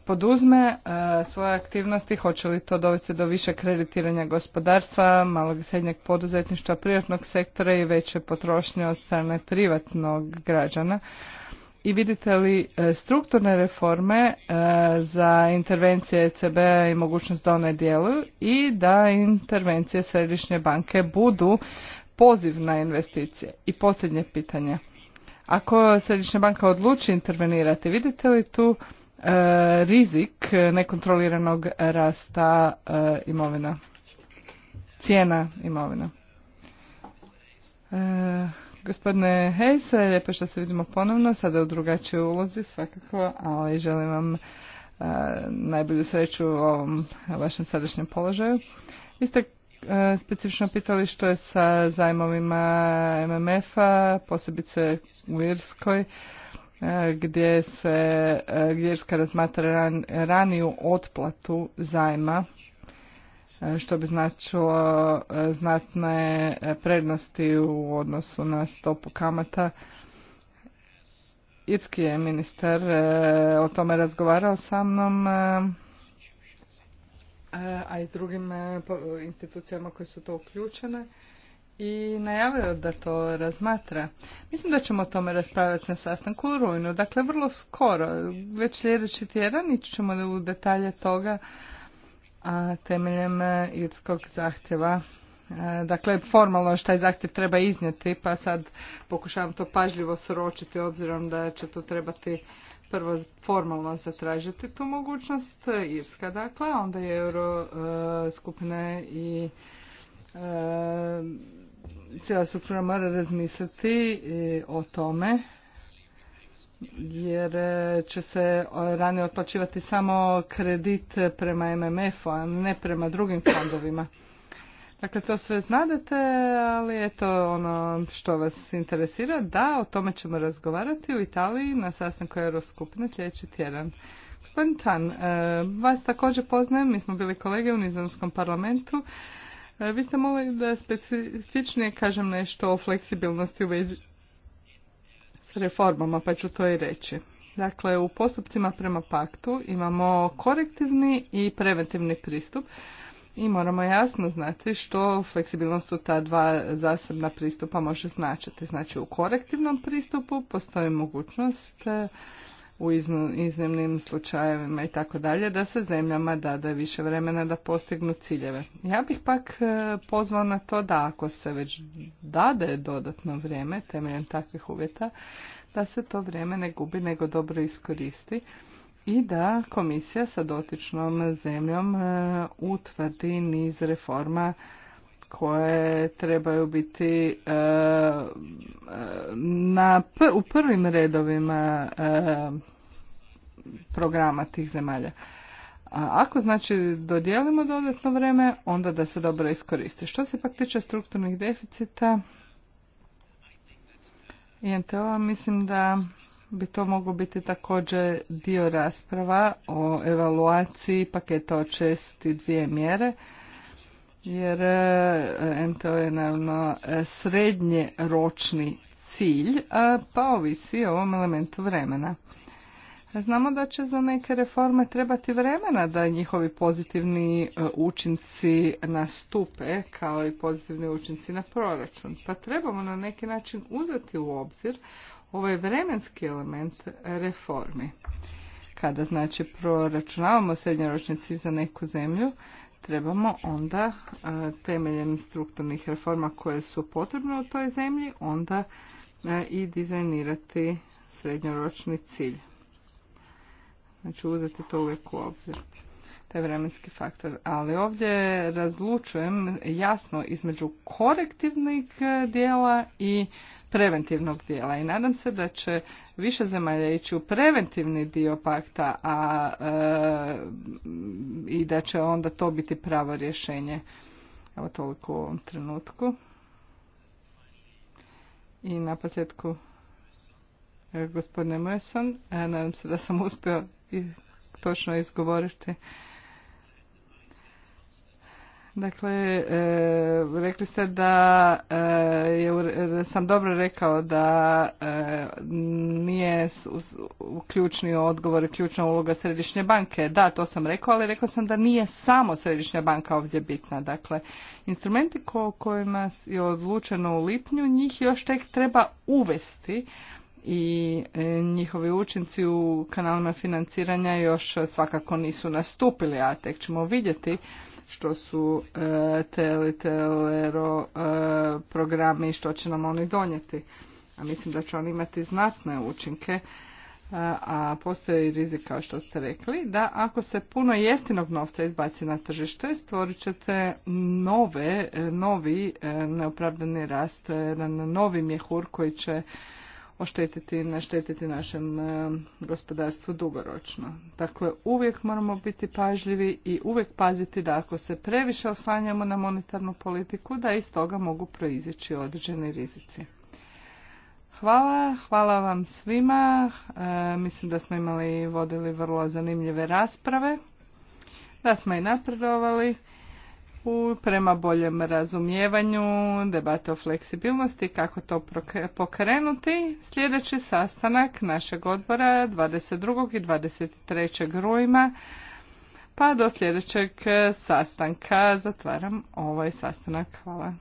poduzme e, svoje aktivnosti, hoće li to dovesti do više kreditiranja gospodarstva, malog i srednjeg poduzetništva, privatnog sektora i veće potrošnje od strane privatnog građana i vidite li e, strukturne reforme e, za intervencije ecb i mogućnost da one djeluju i da intervencije središnje banke budu poziv na investicije. I posljednje pitanje. Ako središnja banka odluči intervenirati, vidite li tu e, rizik nekontroliranog rasta imovina? Cijena imovina. Gospodine Hejse, lijepo što se vidimo ponovno, sada u drugačijoj ulozi svakako, ali želim vam e, najbolju sreću u ovom vašem sadašnjem položaju. Vi ste e, specifično pitali što je sa zajmovima MMF-a, posebice u Irskoj, e, gdje se gdje Irska razmatra raniju otplatu zajma što bi značilo e, znatne prednosti u odnosu na stopu kamata. Irski je ministar e, o tome razgovarao sa mnom, e, a i s drugim institucijama koje su to uključene i najavio da to razmatra. Mislim da ćemo o tome raspravljati na sastanku u rujnu, dakle vrlo skoro, već sljedeći tjedan ići ćemo u detalje toga a temeljem irskog e, zahtjeva. E, dakle, formalno što taj zahtjev treba iznijeti, pa sad pokušavam to pažljivo sročiti obzirom da će to trebati prvo formalno zatražiti tu mogućnost, e, Irska dakle, onda je euro skupine i e, cijela struktura mora razmisliti o tome jer e, će se e, ranije otplaćivati samo kredit prema MMF-u, a ne prema drugim fondovima. Dakle, to sve znadete, ali eto ono što vas interesira, da, o tome ćemo razgovarati u Italiji na sastanku Euroskupine sljedeći tjedan. Gospodin Tan, e, vas također poznajem, mi smo bili kolege u Nizamskom parlamentu. Vi ste mogli da specifičnije kažem nešto o fleksibilnosti u vezi reformama, pa ću to i reći. Dakle, u postupcima prema paktu imamo korektivni i preventivni pristup i moramo jasno znati što fleksibilnost u ta dva zasebna pristupa može značiti. Znači, u korektivnom pristupu postoji mogućnost u iznimnim slučajevima i tako dalje, da se zemljama dade više vremena da postignu ciljeve. Ja bih pak e, pozvao na to da ako se već dade dodatno vrijeme temeljem takvih uvjeta, da se to vrijeme ne gubi nego dobro iskoristi i da komisija sa dotičnom zemljom e, utvrdi niz reforma koje trebaju biti e, na, u prvim redovima programa tih zemalja. ako znači dodijelimo dodatno vrijeme, onda da se dobro iskoristi. Što se pak tiče strukturnih deficita i MTO, mislim da bi to moglo biti također dio rasprava o evaluaciji paketa od šest dvije mjere, jer e, NTO je naravno srednje ročni cilj, pa ovisi o ovom elementu vremena. Znamo da će za neke reforme trebati vremena da njihovi pozitivni e, učinci nastupe kao i pozitivni učinci na proračun. Pa trebamo na neki način uzeti u obzir ovaj vremenski element reformi. Kada znači proračunavamo srednjoročnici za neku zemlju, trebamo onda e, temeljem strukturnih reforma koje su potrebne u toj zemlji, onda e, i dizajnirati srednjoročni cilj. Znači uzeti to uvijek u obzir, taj vremenski faktor. Ali ovdje razlučujem jasno između korektivnih e, dijela i preventivnog dijela. I nadam se da će više zemalja ići u preventivni dio pakta a e, i da će onda to biti pravo rješenje. Evo toliko u ovom trenutku. I na posljedku e, gospodine Mojson, nadam se da sam uspio točno izgovoriti. Dakle, e, rekli ste da e, je, sam dobro rekao da e, nije ključni odgovor i ključna uloga Središnje banke. Da, to sam rekao, ali rekao sam da nije samo Središnja banka ovdje bitna. Dakle, instrumenti ko kojima je odlučeno u lipnju, njih još tek treba uvesti i e, njihovi učinci u kanalima financiranja još svakako nisu nastupili, a tek ćemo vidjeti što su e, e programi i što će nam oni donijeti. A mislim da će oni imati znatne učinke, e, a postoje i rizik kao što ste rekli, da ako se puno jeftinog novca izbaci na tržište, stvorit ćete nove, novi neopravdani rast, jedan novi mjehur koji će oštetiti, naštetiti našem e, gospodarstvu dugoročno. Dakle, uvijek moramo biti pažljivi i uvijek paziti da ako se previše oslanjamo na monetarnu politiku, da iz toga mogu proizići određene rizici. Hvala, hvala vam svima. E, mislim da smo imali vodili vrlo zanimljive rasprave, da smo i napredovali u prema boljem razumijevanju debate o fleksibilnosti kako to pokrenuti. Sljedeći sastanak našeg odbora 22. i 23. rujma, pa do sljedećeg sastanka zatvaram ovaj sastanak. Hvala.